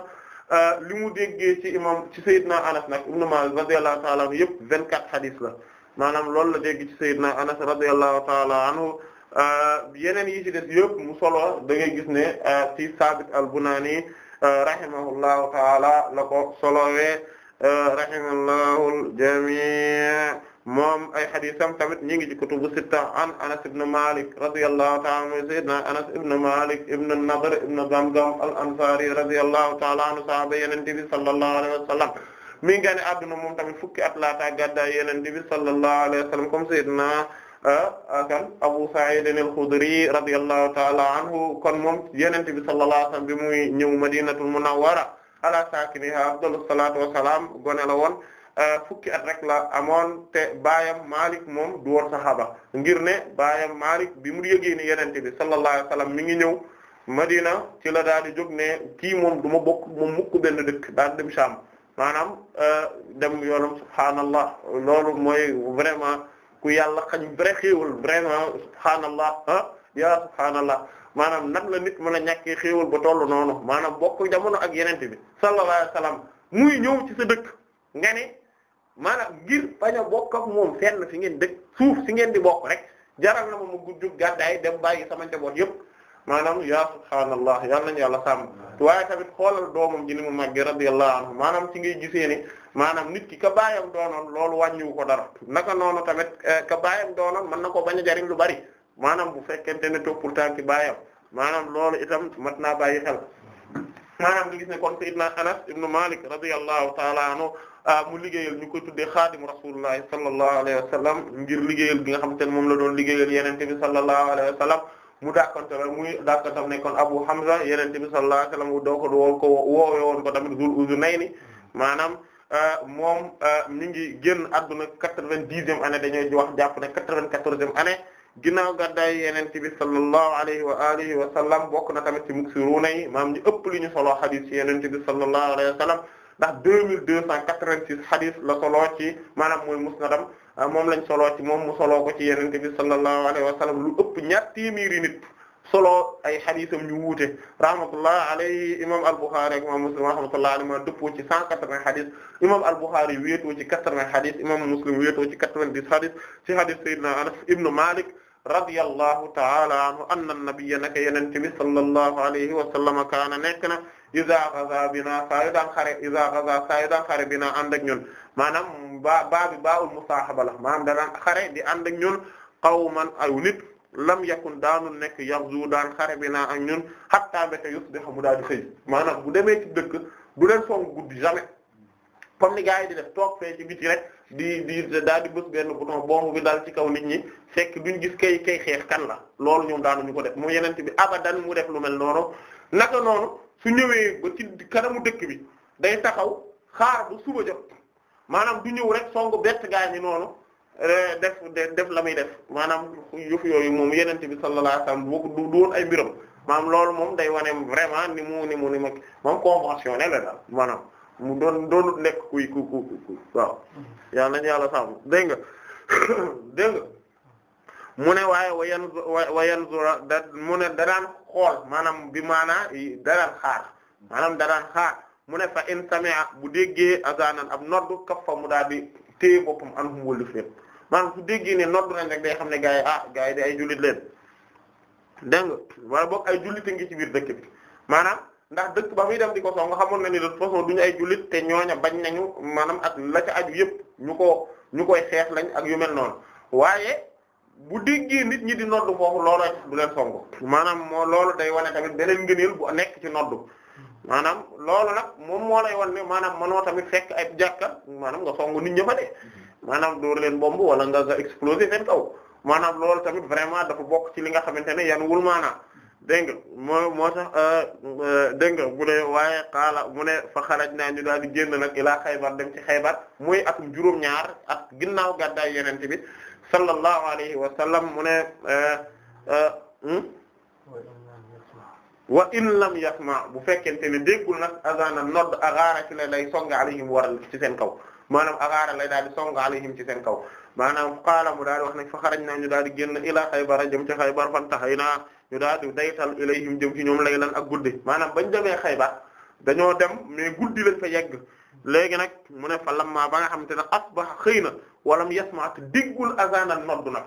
[SPEAKER 2] euh, li mu déggee ci imam ci Seydina Anas nag ibn Malik radiyallahu ta'ala anhu yëpp 24 hadith la maanaam loolu la dégg ci Seydina Anas radiyallahu ta'ala anhu Euh, yeneen yi ci des yëpp mu solo da ngay gis ne euh, ci Sabit al-Bunani euh, rahimahullahu taala la ko solowee rahimahullahu al-jami' moom ay xadiisam tamit ñi ngi ci kutubu sitta an Anas ibn Malik radiyallahu ta'ala anhu sayyidina Anas ibn Malik ibn an-Nadr ibn Zamzam al-Ansari radiyallahu ta'ala anhu sahaba Yonent bi sallallahu alayhi wa sallam mi ngi génn àdduna moom tamit fukki at laata gàddaay Yonent bi sallallahu alayhi wa sallam comme Ah, ah, kan Abu Sa'id al-Khudri radiyallahu ta'ala kon moom Yonent bi sallallahu bi muy ñëw Madinatul Munawwara ala sakiniha afdalu salaatu wa salaam gone la woon ah, fukki at rek la amoon te baayam Malik moom du woon saxaaba ngir ne baayam Malik bi mu yëgee ni Yonent bi sallallahu alayhi mi ngi ñëw Madina ci la daal di jóg ne kii moom du ma bokk mo mukk benn dëkk daal dem Sham maanaam dem yoonam subhaanallah loolu mooy vraiment. ku yàlla xañ vrai xéewal vraiment subhaanallah ah ya subhaanallah maanaam nag la nit mën a ñàkkee xéewal ba toll noonu maanaam bokk jamono ak yenente bi sallallahu alayhi wa sallam muy ñëw ci sa dëkk nga ne maanaam ngir bañ bokk ak moom fenn fi ngeen dëkk suuf si ngeen di bokk rek jaral na ma ma gudd gàddaay dem bàyyi sama njaboot yëpp maanaam yaa subhaanallah yal nañu yàlla sàmm waaye tamit xoolal doomam ji ni mu màggee radiyallahu anhu maanaam ci ngay gisee ne maanaam nit ki ka baayam doonoon loolu wàññiwu ko dara naka noonu tamit eh, ka baayam doonoon mën na ko bañ a jariñ lu bari maanaam bu fekkente ne toppul tànki baayam maanaam loolu itam mat naa bàyyi xel maanaam nga gis ne kon sayyidna Anas ibn Malik radiyallahu ta'ala anhu ah, mu liggéeyal ñu koy tuddee xaadimu rasulillahi sallallahu alayhi wa sallam ngir liggéeyal gi nga xamante ne moom la doon liggéeyal yenente mu dàkkantal muy dàkkantal nekkoon Abu Hamza Yonent bi sallallahu alayhi wasallam doo ko woo ko woowe woon ko tamit Zul Uzunayni hmm. maanaam euh, moom euh, mi ngi génn adduna quatre-vingt-dixième année dañoo wax jàpp ne quatre-vingt-quatorzième année ginnaaw gàddaay Yonent bi sallallahu alayhi wa alihi wa sallam bokk na tamit ci muksiruuna yi maam ñu ëpp li ñu solo xadiis ci Yonent bi sallallahu alayhi wa sallam ndax deux mille deux cent quatre-vingt-six xadiis la solo ci maanaam mooy musnadam Ah, moom lañ soloo moom mu soloo ko ci yenente bi sallallahu alayhi wa lu ëpp ñaar téeméeri nit soloo ay xadisam ñu wuute rahmatullah alayhi imam al-Bukhari ak imam Muslim rahmatullah alayhi ma dëppoo ci cent quatre-vingts xadis imam al-Bukhari ci quatre-vingts xadis imam Muslim wéetoo ci quatre-vingt-dix xadis ci xadis sayyidina Anas ibnu Malik radiyallahu ta'ala anhu anna nabiyya naka yonent bi sallallahu alayhi wa sallam kaana nekk na izaa gaza bina saa yu daan xare izaa gaza saa yu daan xare bina ànd ak ñun maanaam baa baa bi baa'ul musaahaba la maanaam da daan xare di ànd ak ñun qawman aw nit lam yakun daanul nekk yaxzu daan xare bina ak ñun hatta mbéte yusbihu mu daal di xëy maanaam bu demee ci dëkk du leen song guddi jamais comme ni gaa yi di def toog fee ci biti rek. di di daal di bës benn bouton bomb bi daal ci kaw nit ñi fekk ñu gis kay kay xeex kan la loolu ñoom ñu ko def mu yenent bi abadan mu def lu mel noonu naka noonu su ñëwee ba ci kanamu dëkk bi day taxaw xaar ba suba jot maanaam du ñëw rek song bett gaa ñi noonu eh, def def la muy def maanaam yu yëfu yooyu moom yenent bi sallallahu alayhi wasallam boo du woon ay mbiram maam loolu moom day wane vraiment ni mu ni mu ni mag moom conventionnel la daal maanaam mu doon doonut nekk kuy ku ku ku waaw mm-hmm. yal nañu yàlla sàmm dégg nga (coughs) dégg mu ne waaye wa yan wa yan da mu ne daraan xool maanaam bi maanaa daraan xaar maanaam mu ne fa in sami'a bu déggee azaanan ab noddu kaffa mu daal di téye boppam an mu wëllu fépp maanaam su ne noddu rek day xam ne gars yi ah gars yi ay jullit leen dégg nga wala ay jullit a ci biir dëkk bi maanaam. ndax dëkk ba muy dem di ko song xamoon na ni de toute façon duñu ay jullit te a bañ nañu maanaam ak la ca aju yëpp ñu ko ñu koy xeex lañ ak yu mel noonu waaye bu déggee nit ñi di noddu foofu looloo tax du leen songu maanaam moo loolu day wane tamit beneen ngëneel bu nekk ci noddu maanaam loolu nag moom moo lay wan ne maanaam mënoo tamit fekk ay jàkka maanaam nga songu nit ña fa de maanaam dóor leen bomb wala nga nga exploser seen kaw maanaam loolu tamit vraiment dafa bokk ci li nga xamante ne yan wul maanaam dégg nga moo moo tax euh, euh, dégg nga bu dee waaye xaala mu ne fa xaraj naa ñu daal di génn nag ilaa xaybar dem ci xaybar muy atum juróom-ñaar ak ginnaaw gàddaay yenente bi sallallahu alayhi wa sallam mu ne euh, hmm? wa in lam yasma bu fekkente ne déggul nag azana nodd agaara ci la lay songa alayhim waral ci seen kaw maanaam agaara lay daal di songa alayhim ci seen kaw maanaam xaala mu daal wax nag fa xaraj naa ñu daal di génn ilaa xaybar jëm ci xaybar fan taxay naa ñu daal di daytal ilayhim jëm ci ñoom laylan ak guddi maanaam bañ demee Xaybar dañoo dem mais guddi lañ fa yegg léegi nag mu ne fa lamma ba nga xamante ne asbaha xëy na walam yasma te diggul azanal noddu nag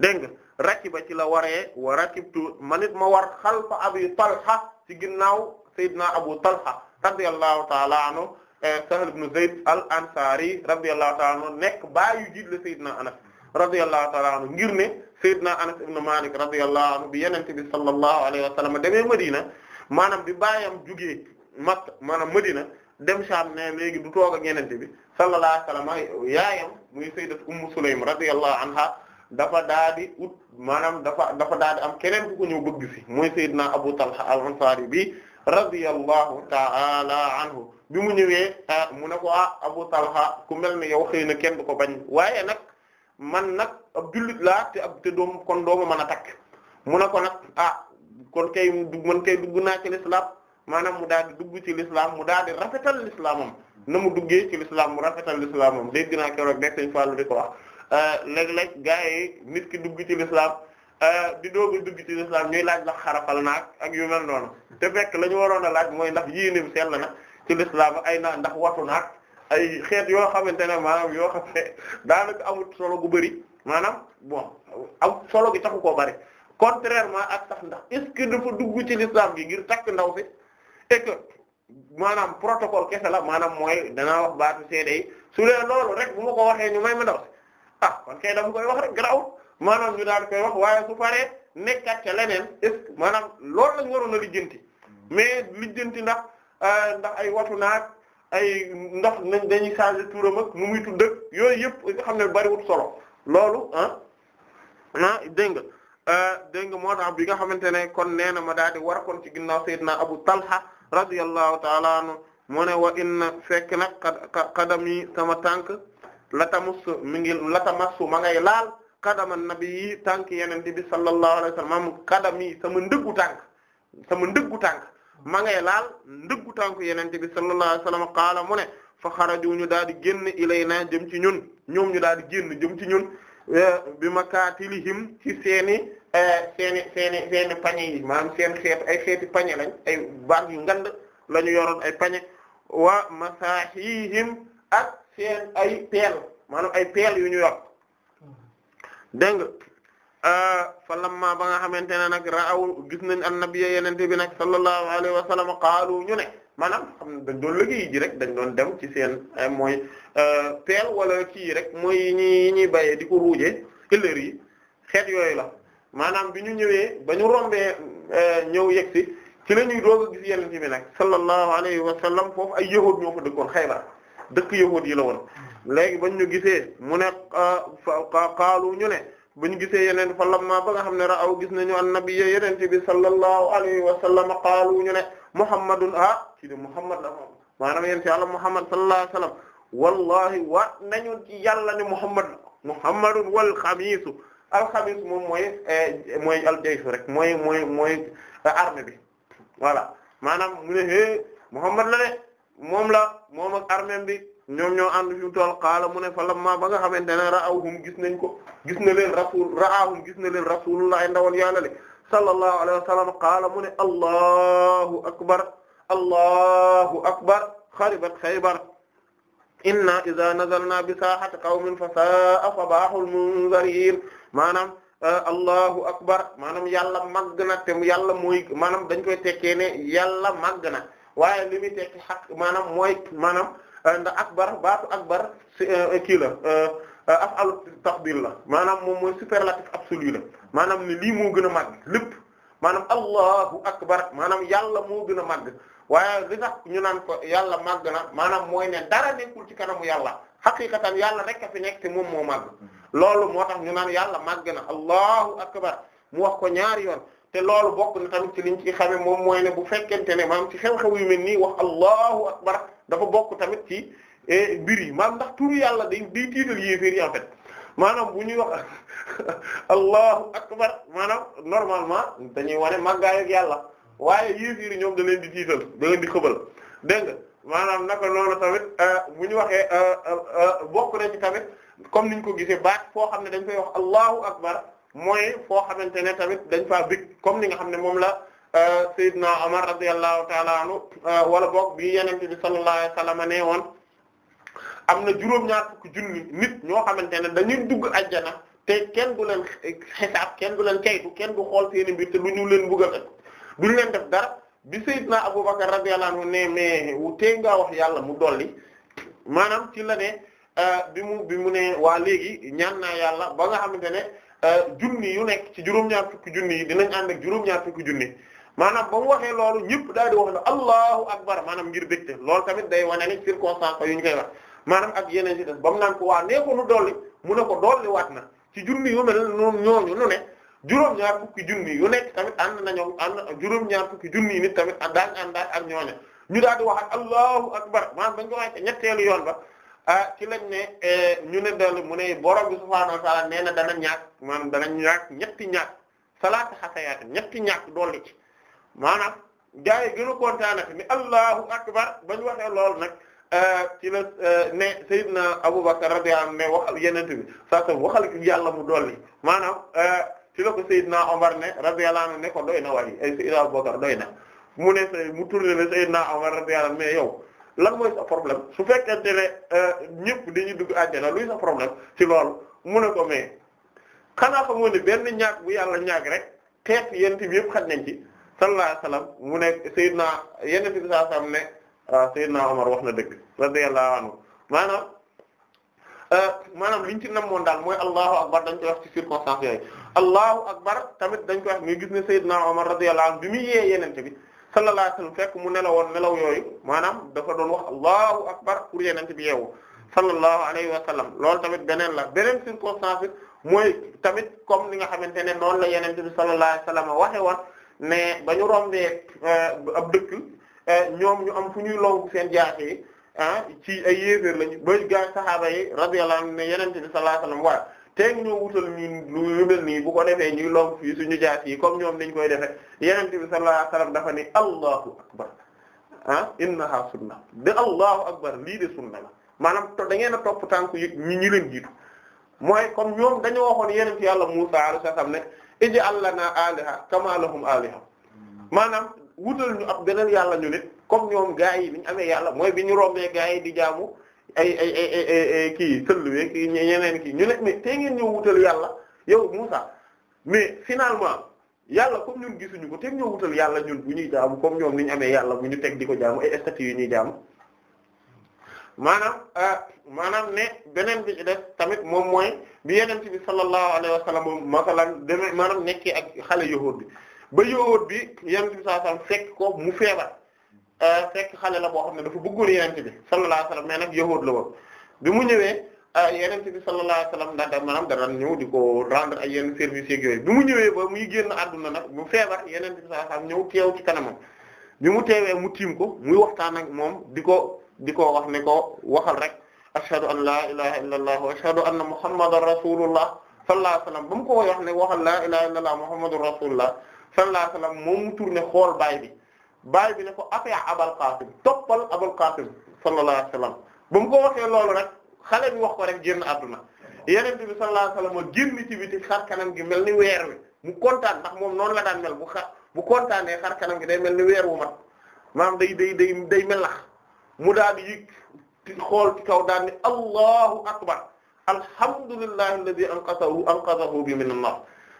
[SPEAKER 2] dégg nga rakiba ci la waree wa rakibtu man it ma war xalfa abi talha ci ginnaaw sayyidina abu talha radiyallahu ta'ala anhu eh, Sahl ibn Zayd al ansari radiyallahu ta'ala anhu nekk baayu jiit la sayyidina anas radiyallahu ta'ala anhu ngir ne Seydina Anas ibn Malik radiyallahu anhu bi yenente bi sallallahu alayhi wa sallam demee Madina maanaam bi bàyyam jugee Makka maanaam Madina dem Sham ne léegi du toog ak yenente bi sallallahu alayhi wa sallam yaayam muy sayyidat Ummu dafa daa di ut maanaam dafa dafa daa am keneen ku ko ñëw bëgg si mooy Seydina Abu Talha al-Ansari bi radiyallahu ta'ala anhu bi mu ñëwee ah, mu ne ko ah Abu Talha ku mel ni yow xëy na kenn ko bañ waaye nag man nag ab jullit laa te ab te doom kon dooma man a takk mu ne ko nag ah kon kay man kay dugg naa ci l'islam maanaam mu daal di dugg ci lislaam mu daal di rafetal l'islamam na mu duggee ci l'islam mu rafetal l'islamam dégg naa keroog nekk nañ fàllu di ko wax euh, léeg-léeg gars yi nit ki dugg ci l'islam euh, di doog dugg ci l'islam ñuy laaj ndax xarafal naa ak yu mel noonu te fekk la ñu waroon a laaj mooy ndax mu sell na ci l'islam ay na ndax watu naag ay xeet yoo xamante ne maanaam yoo xam ne daanaka amul solo gu bëri maanaam bon am solo gi taxu koo bëri contrairement ak tax ndax est-ce que dafa dugg ci l'islam gi ngir takk ndaw si et que maanaam protocole kese la maanaam mooy danaa wax baatu seede yi su dee loolu rek bu ma ko waxee ñu may ma ndaw si ah kon kay dama koy wax rek garaawul maanaam ñu daan koy wax waaye su paree nekkat ca leneen maanaam lool lañ waroon a lijjanti mais lijjanti ndax euh, ndax ay watu ay ndax nañ dañuy changer turam ak nu muy tudd ak yooyu yëpp nga xam ne bariwul solo loolu ah ah dégg nga euh, dégg nga moo tax bi nga xamante ne kon nee na ma daal war kon ci ginnaaw Seydina Abu Talha radiyallahu ta'ala anhu mu ne wa inna fekk kadami sama tànk latamus mi ngi latamassu ma ngay laal kadama nabi yi tànk yeneen bi sallallahu alayhi wasallam kadami sama ndëggu tànk sama ndëggu tànk ma ngay laal ndëggu tànku yenente bi sallallahu alayhi wasallam qaala mu ne fa xaraju ñu daal di génn ilayna jëm ci ñun ñoom ñu daal di génn jëm ci ñun e, bi makaatilihim ci seeni e, seeni seeni seeni pañe yi maanaam seen xeet ay xeeti pañe lañ ay baag yu ngand lañu ñu ay pañe wa masaahihim ak seen ay peel maanaam ay peel yu ñu yor dégg fa lamma ba nga xamante ne nag raaw gis nañ annabiyya yenente bi nag sallallahu alayhi wa sallam qaalu ñu ne maanaam xam dañ doon liggéey ji rek dañ doon dem ci seen mooy e, peel wala kii rek mooy yi ñuy ñuy bayee di ko ruuje ëllër yi xeet yooyu la maanaam bi ñu ñëwee ba ñu rombee e, ñëw yegg ci la ñuy doog gis yenente bi nag sallallahu alayhi wa sallam foofu ay yahuud ñoo fa dëkkoon Xaybar dëkk yahuud yi la woon hmm. léegi bañ ñu gisee mu ne e, qaalu ñu ne bu ñu gisee yeneen fa lamma ba nga xam ne aw gis nañu annabiyya yeneen ci bi sallallahu alayhi wa sallam qaalu ñu ne muhammadun ah ci de muhammad la moom maanaam yéen ci yàlla muhammad sallallahu alayhi wa sallam wallahi wa nañu ci yàlla ne muhammad muhammadun wal xamiisu alxamis moom mooy eh, mooy aljaysu rek mooy mooy mooy armée bi voilà maanaam mu ne hee eh, muhammad la ne moom la moom ak armée bi. ñoom ñoo ànd fi mu toll qaala mu ne fa lamma ba nga xamante ne ra'awhum gis nañ ko gis na leen rasul ra'awhum gis na leen rasulullah ndawal yàlla le sallallahu alayhi wa mu ne allahu akbar allahu akbar xaribat xaybar inna idha nazalna bi saahati qawmin fa sa'a sabahul munzarin maanaam euh, allahu akbar maanaam yàlla màgg na te yàlla mooy maanaam dañ koy tekkee ne yàlla màgg na waaye li muy maanaam Euh, ndax akbar baatu akbar euh, kii la euh, af'alu tafdil la maanaam moom mooy superlatif absolu la maanaam ni lii moo gën a màgg lépp maanaam allahu akbar maanaam yàlla moo gën a màgg waaye li tax ñu naan ko yàlla màgg maanaam mooy ne dara nekkul ci kanamu yàlla xaqiqatan yàlla rek a fi nekk te moom moo màgg loolu moo tax ñu naan yàlla màgg na allahu akbar mu wax ko ñaari yoon te loolu bokk na tamit ci liñ ci xame moom mooy ne bu fekkente ne maam ci xew-xew yu mel nii wax allahu akbar dafa bokk tamit ci eh, mbir yi maanaam ndax turu yàlla day day tiital yéeféer yi en maanaam bu ñuy wax (laughs) allahu akbar maanaam normalement dañuy wane màggaay ak yàlla waaye yéeféer yi ñoom da leen di tiital da leen di xëbal dégg nga maanaam naka noonu tamit eh, bu ñu waxee eh, bokk na ci tamit comme niñ ko gisee baat foo xam ne dañ koy wax allahu akbar mooy foo xamante ne tamit dañ faa bég comme ni nga xam ne moom la euh, Seydina Omar radiyallahu ta'ala anhu euh, wala boog bi Yonent bi sallallahu alayhi wa sallam nee woon am na juróom-ñaar fukki junni nit ñoo xamante ne dañuy dugg ajjana te kenn du leen xisaab kenn du leen caytu kenn du xool seeni mbir te lu ñu leen bëgg a ñu leen def dara bi Seydina Abubakar radiyallahu anhu ne mais tey ngaa wax yàlla mu dolli maanaam ci la ne euh, bi mu bi mu ne waa léegi ñaan naa yàlla ba nga Euh, junni yu nekk ci juróom-ñaar fukki junni yi dinañ ànd ak juróom-ñaar fukki junni maanaam ba mu waxee loolu ñëpp daal di wax ne allahu akbar maanaam ngir bégte loolu tamit day wane ni circonstance yu ñu koy wax maanaam ak yeneen ci des ba mu naan ko waa nee ko nu dolli mu ne ko dolli waat na ci junni yu mel noonu ñooñu nu ne juróom-ñaar fukki junni yu nekk tamit ànd nañoo ànd juróom-ñaar fukki junni yi nit tamit daañ àndaat ak ñooñu ñu daal di wax ak allahu akbar maanaam dañ ko waxee yoon ba Ah, ci lañ ne eh, ñu ne dal mu ne borom bi subhaanahu wa nee na dana ñàkk maanaam dana ñàkk ñetti ñàkk salaatu xasayaat ñetti ñàkk dolli ci maanaam gaa yi gën a kontaanati ni allahu akbar ba ñu waxee loolu nag eh, ci la eh, ne Seydina Abubakar radiyallahu anhu ne waxal yenent bi sa waxal yàlla mu dolli maanaam ci la ko ne ko doy na waaye ay Seydina Abubakar doy na mu ne sa mu tourné ne Seydina Omar radiyallahu mais yow lan mooy sa problème su fekkee fekkente ne euh, ñëpp dañuy dugg àjjana luy sa problème ci loolu mu ne ko mais xanaa xamoo ne benn ñaag bu yàlla ñaag rek teet yent bi yëpp xaj nañ ci sallallahu alayhi wasallam mu ne Seydina yent bi sallallahu alayhi wasallam ne ah, wax na dëgg radiyallahu anhu maanaam euh, maanaam liñ ci namoon daal mooy allahu akbar dañ koy wax ci circonstance yooyu allahu akbar tamit dañ koy wax nga gis ne Seydina Omar radiyallahu anhu bi muy yee yenente bi sallallahu alayhi wasallam fekk mu nelawoon nelaw yooyu maanaam dafa doon wax allahu akbar pour yenente bi yeewu sallallahu alayhi wasallam lool tamit beneen la beneen circonstance bi mooy tamit comme li nga xamante ne noonu la yenente bi sallallahu alayhi wasallam waxe woon ne ba ñu rombee euh, ab dëkk euh, ñoom ñu am fu ñuy longu seen jaaxee ah ci ay yéeféer lañu ba gaa saxaaba yi radiyallahu anhu ne yeneen bi sallallahu alayhi teeg ñoo wutal ñun lu yu mel nii bu ko defee ñuy lonk fii suñu jaas yi comme ñoom niñ koy defee yonent bi sallallahu alayhi wasallam dafa ni allahu akbar ah innaha sunna de allahu akbar lii de sunna la maanaam da ngeen a topp tànku yi ñu ñu leen jiitu mooy comme ñoom dañoo waxoon yonent yàlla Musa alayhi salaam ne ij'al lanaa aaliha kamaa lahum aaliha maanaam wutal ñu ab beneen yàlla ñu nit comme ñoom gaa yi niñ amee yàlla mooy bi ñu rombee gaa yi di jaamu ay ay ay kii sëlluwee kii ñeneen kii ñu ne mais tey ngeen ñëw wutal yàlla yow Moussa mais finalement yàlla comme ñun gisuñu ko teg ñëw wutal yàlla ñun bu ñuy jaamu comme ñoom ni ñu amee yàlla bu ñu teg di ko jaamu ay statues yu ñuy jaamu maanaam euh, maanaam ne beneen bi ci def tamit moom mooy bi yenente bi sallallahu alayhi wa sallam masalan demee maanaam nekkee ak xale yahuud bi ba yahuud bi yenente bi sallallahu alayhi fekk ko mu feebar Euh, fekk xale la boo xam ne dafa bëggoon yenente bi sallallahu alayhi wasallam mais nag yahuud la woon bi mu ñëwee euh, yenente bi sallallahu alayhi wasallam daa maanaam da daan ñëw di ko rendre ay yenn services yeeg yooyu bi mu ñëwee ba muy génn àdduna na mu feebar yenente bi sallallahu alayhi wasallam ñëw teew ci kanamam bi mu teewee mu tiim ko muy waxtaan ak moom di ko di ko wax ne ko waxal rek ashhadu an la ilaha illa allah wa ashhadu anna muhammadan rasulullah sallallahu alayhi wasallam ba mu ko wax ne waxal la ilaha illa allah muhammadur rasulullah sallallahu alayhi wasallam moom mu tourné xool baay bi baay bi ne ko affaire abal qaasim toppal abal qaasim sallallahu alayhi wa ba mu ko waxee lool rek xale bi wax ko rek génn àdduna yeneen bi sallallahu alayhi wa sallam génn ci biti xar kanam gi mel ni weer wi mu kontaan ndax moom noonu la daan mel bu xar bu kontaanee xar kanam gi day mel ni weer wu mat maanaam day day day day melax mu daal di yëg xool ci kaw daal ni allahu akbar alhamdulillahi alladhi anqadahu anqadahu bi min an-nar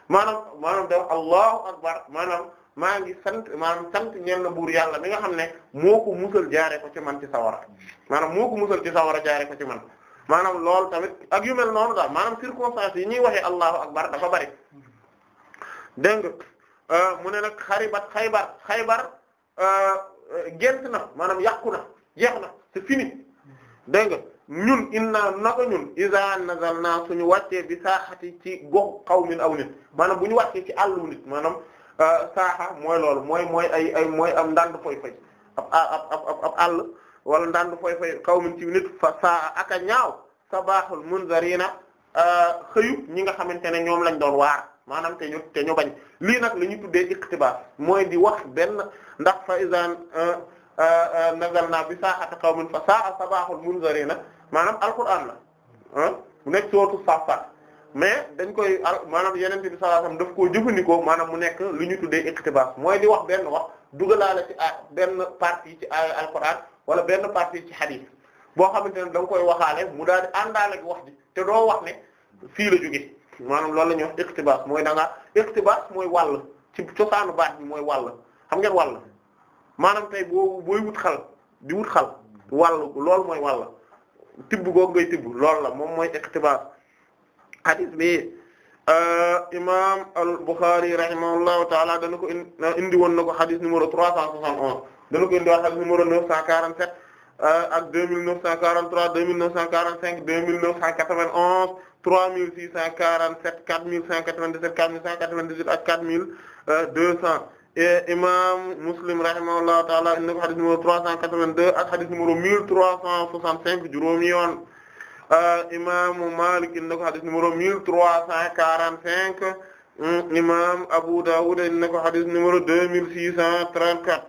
[SPEAKER 2] maanaam maanaam allahu akbar maanaam maa ngi sant maanaam sant ñeel na buur yàlla mi nga xam ne moo ko musal jaare ko ci man ci sawara maanaam moo ko musal ci sawara jaare ko ci man maanaam loolu tamit ak yu mel noonu daal maanaam circonstances yi ñuy waxee allahu akbar dafa bari dégg nga euh, mu ne nag xaribat xaybar xaybar euh, gent na maanaam yàqu na jeex na c'est fini dégg nga ñun inna naka ñun iza nazalna ñu wàccee bi saaxati ci gox xaw min aw nit maanaam bu ñu wàccee ci àllu nit maanaam Euh, saaxa mooy loolu mooy mooy ay ay mooy am ndànd foy foy ab ab ab ab àll wala ndànd foy foy xaw min ci nit fa saa ak a ñaaw sabaaxul munzarina euh, xëyub ñi nga xamante ne ñoom lañ doon waar maanaam te ñu te ñu bañ lii nag la ñu tuddee iqtibaas mooy di wax benn ndax fa izan euh, nazalna bi saahata qawmin fa saa sabaaxul munzarina maanaam alquran la na bu nekk sootu Saaffaat mais dañ koy maanaam yeneen bi sallallahu alayhi wasallam daf koo jëfandikoo maanaam mu nekk lu ñu tuddee iqtibaas mooy di wax benn wax dugalaale ci a benn partie ci a alquran wala benn partie ci hadith boo xamante ne da nga koy waxaale mu daal di àndaale ak wax ji te doo wax ne fii la jóge maanaam loolu la ñuy wax mooy da nga iqtibaas mooy wàll ci cosaanu baat bi mooy wall xam ngeen wàll maanaam tey boo booy wut xal di wut xal wàll loolu mooy wàll tibb googu ngay tibb loolu la moom mooy iqtibaas hadis bi euh, imam al-Bukhari rahimahullahu taala dana ko indi woon na ko hadis numéro 361 dana ko indi woon hadis numéro 947 euh, ak 2943 2945 2991 3647 4197 4198 ak 4200 euh, et imam Muslim rahimahullahu taala indi na ko hadis numéro 382 ak hadis numéro 1365 juróomi yoon Euh, imaamu Maalik indi na ko xadis numéro mille trois cent quarante cinq mm, imam Abu Dawud indi na ko xadis numéro deux mille six cent trente quatre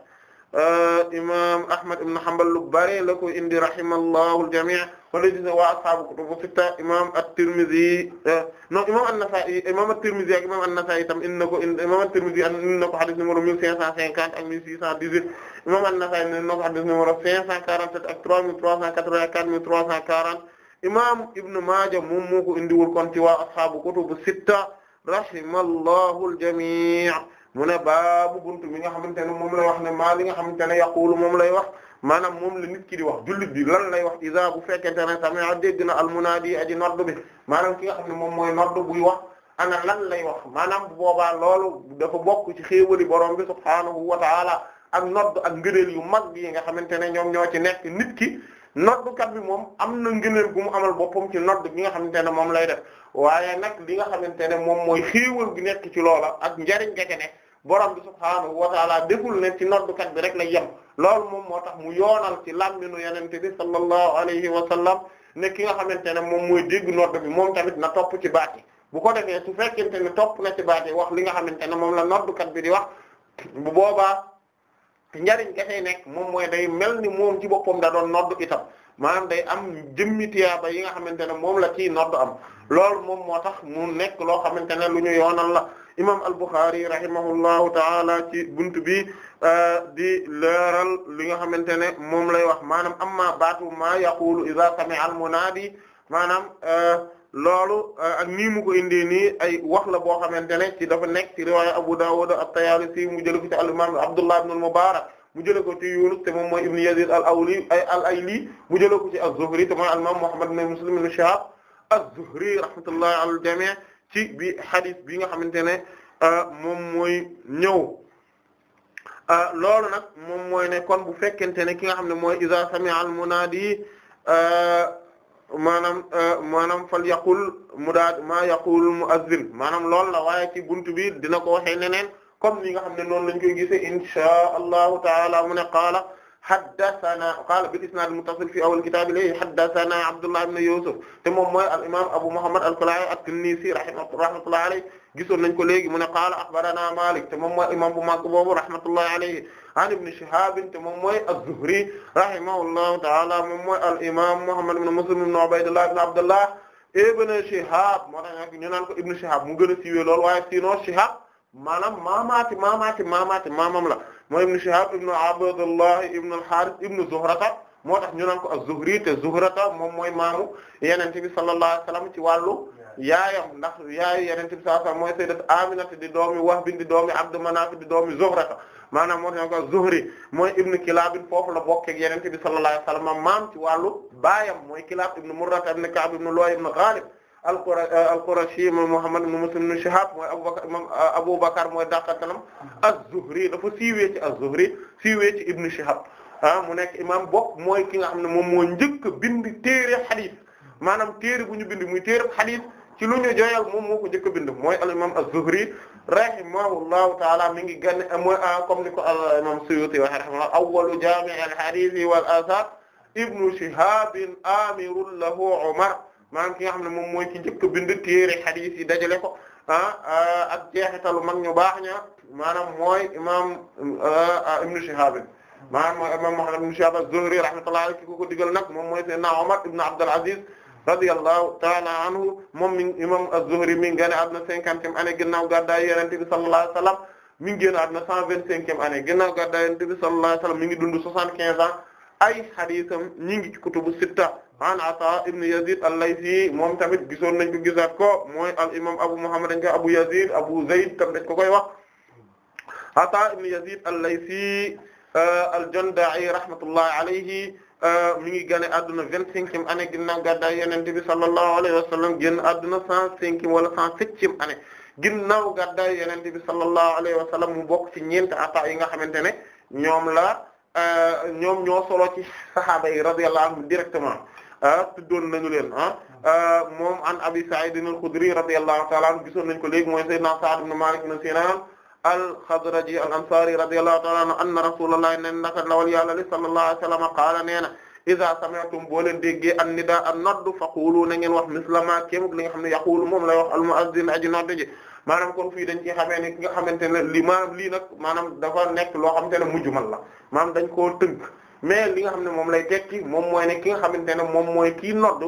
[SPEAKER 2] euh, imam Ahmad ibn Hanbal lu bare la ko indi rahimallahu al-jamii' wala gis waa ashaabu kutubu sitta imam at-Tirmidhi euh, non imam an-Nasa'i imam at-Tirmidhi ak imam an-Nasa'i tam indi na ko indi imam at-Tirmidhi indi na ko xadis numéro mille cinq cent cinquante ak mille six cent dix-huit imam an-Nasa'i indi na ko xadis numéro cinq cent quarante-sept ak trois mille trois cent quatre-vingt-quatre mille trois cent quarante imam Ibn Maaja moom moo ko indiwul kon ci waa ashaabu kutubu sitta rahimallahu al-jamii' mu ne baabu buntu mi nga xamante ne moom lay wax ne maa li nga xamante ne yaqulu moom lay wax maanaam moom la nit ki di wax jullit bi lan lay wax iza bu fekkente ne sami'a dégg na al-munaadi aji nodd bi maanaam ki nga xam ne moom mooy nodd buy wax ana lan lay wax maanaam bu boobaa loolu dafa bokk ci xéewali borom bi subhaanahu wa ta'ala ak nodd ak ngëneel yu mag yi nga xamante ne ñoom ñoo ci nekk nit ki noddukat bi moom am na ngëneel gu mu amal boppam ci nodd gi nga xamante ne moom lay def waaye nag li nga xamante ne moom mooy xéewal gi nekk ci loola ak njariñ ngeke ne borom bi subhaanahu wa taala deful ne ci noddukat bi rek lay yem loolu moom moo tax mu yoonal ci làmminu yenente bi sallallahu alayhi wa sallam ne ki nga xamante ne moom mooy dégg nodd bi moom tamit na topp ci baat yi bu ko defee su fekkente ne topp na ci baat yi wax li nga xamante ne moom la noddukat bi di wax bu boobaa njariñ ga fay nekk moom mooy day mel ni moom ci boppam da doon nodd itam maanaam day am jëmmi tiyaaba yi nga xamante ne moom la ciy nodd am loolu moom moo tax mu nekk loo xamante ne lu ñu yoonal la imam al-Bukhari rahimahullahu taala ci bunt bi euh, di leeral li nga xamante ne moom lay wax maanaam amma baatu ma yaqulu idha sami'a al-munadi maanaam euh, loolu euh, ak nii mu nii ay wax la boo xamante ne ci dafa nekk ci riwaaya Abu Dawud at-Tayaalisi mu jële ko ci al-imaam Abdullah ibn al-Mubaarak mu jële ko ci Yunus te moom mooy ibn Yazid al-Awli ay al-Ayli mu jële ko ci az-Zuhri te mooy al-imaam Muhammad ibn Muslim ibn Shihab az-Zuhri rahmatullahi ala al-jamii' ci bi hadith bi nga xamante ne euh, moom mooy ñëw euh, loolu nag moom mooy ne kon bu fekkente ne ki nga xam ne mooy iza sami'a al-munaadi maanaam euh, maanaam fal yaqul mu daal maa yaqul muazzin maanaam loolu la waaye ci buntu bi dina ko waxee neneen comme ni nga xam ne noonu lañ koy gisee inshaa allahu taala mu ne qaala haddathana qaala bil isnaad muttasil fi awwal kitaab ilayhi haddathana Abdullah ibn Yusuf te moom mooy al imaam Abu Muhammad al-Kalaa'i at-Tinnisi rahmatullahi alayhi gisoon nañ ko léegi mu ne qaala akhbarana Maalik te moom mooy imaam bu mag boobu rahmatullahi alayhi an ibn Shihab te moom mooy az-Zuhri rahimahullahu ta'ala moom mooy al imam Muhammad ibn Muslim ibn Ubaydullah ibn Abdullah ibn Shihab moo tax ñu naan ko ibn Shihab mu gën a siiwee lool waaye sinon Shihab maanaam maamaati maamaati maamaati maamam la moo ibn Shihab ibn Abdullah ibn al ibn Zuhrata moo tax ñu naan ko az-Zuhri te Zuhrata moom mooy maamu Yonent bi sallallahu alayhi wasallam ci wàllu yaayam ndax yaayu Yonent bi sallallahu alayhi wasallam mooy sayyidat Aminata di doomi Wahb di doomi Abd Manaf di doomi Zuhrata maanaam moo tax ko Zuhri mooy ibnu Kilaab foofu la bokk ak Yonent bi sallallahu alayhi wasallam maam ci wàllu baayam mooy Kilaab ibnu Murra ibnu Ka'b ibnu Lu'ay ibnu Ghalib al-Qurashi mooy Muhammad ibn Muslim ibn Shihab mooy Abubakar moom euh, Abubakar mooy dàqantalam az-Zuhri dafa siiwee ci az-Zuhri siiwee ci ibnu Shihab ah mu nekk imam bokk mooy ki nga xam ne moom moo njëkk bind téere hadith maanaam téere bu ñu bind muy téere hadith ci lu ñu joyal moom moo ko njëkk a bind mooy al imam az-Zuhri rahimahullahu taala mi ngi ganne mooy ah comme ni ko al imam Suyuti waxe rahimahullah awwalu jaami' al-hadith wal athar ibnu Shihab amirun lahu Umar maanaam ki nga xam ne moom mooy ki njëkk a bind téere hadith yi dajale ko ah, ah ak jeexitalu mag ñu baax ña maanaam mooy imam ah, ibnu Shihab maanaam mooy imam Muhammad ibnu Shihab az-Zuhri rahmatullahi alayhi ki ko digal nag moom mooy Seydina Umar ibnu Aziz radiyallahu ta'ala anhu moom mi imam az-Zuhri mi ngi génn àdduna cinquantième année ginnaaw gàddaay Yonent bi sallallahu alayhi wa sallam mi ngi génn àdduna cent vingt-cinquième année ginnaaw gàddaay Yonent bi sallallahu alayhi wa sallam mi ngi dund soixante-quinze ans ay hadisam ñi ngi ci sitta an Ata ibn Yazid al-Laythi moom tamit gisoon nañ ko gisaat ko mooy al imam Abu Muhammad ko Abu Yazid tam dañ ko koy wax Ata ibn Yazid al-Laythi euh, al-Jundai rahmatullahi alayhi Euh, mi ngi gane adduna vingt-cinquième année ginnaaw gàddaay yonent bi sallallahu alayhi wa sallam génn adduna cent cinquième wala cent septième année ginnaaw gàddaay yonent bi sallallahu alayhi wa mu bokk ci ñeent ata yi nga xamante ne ñoom la euh, ñoom ñoo solo ci sahaaba yi radiyallahu anhum directement euh, tuddoon nañu leen ah moom an abi Sa'id al-Khudri radiyallahu ta'ala anhu gisoon nañ ko léegi mooy sayyidna Sa'd ibn Malik ibn Sinan al-Xazraji al-Ansaari radiyallahu ta'ala anhu anna Rasulullah ne naka ndawal yàlla li sallallahu alayhi wa sallam qaala nee na iza sami'tum boo leen déggee an-nidaa an-nodd faqulu na ngeen wax misla ma kéemug li nga xam ne yaqulu moom lay wax al-mu'azzin aji nodd ji kon fii dañ ci xamee ne nga xamante ne li maanaam lii nag maanaam dafa nekk loo xamante ne mujjumal la maanaam dañ koo tënk mais li nga xam ne moom lay tekki moom mooy ne ki nga xamante ne moom mooy kii nodd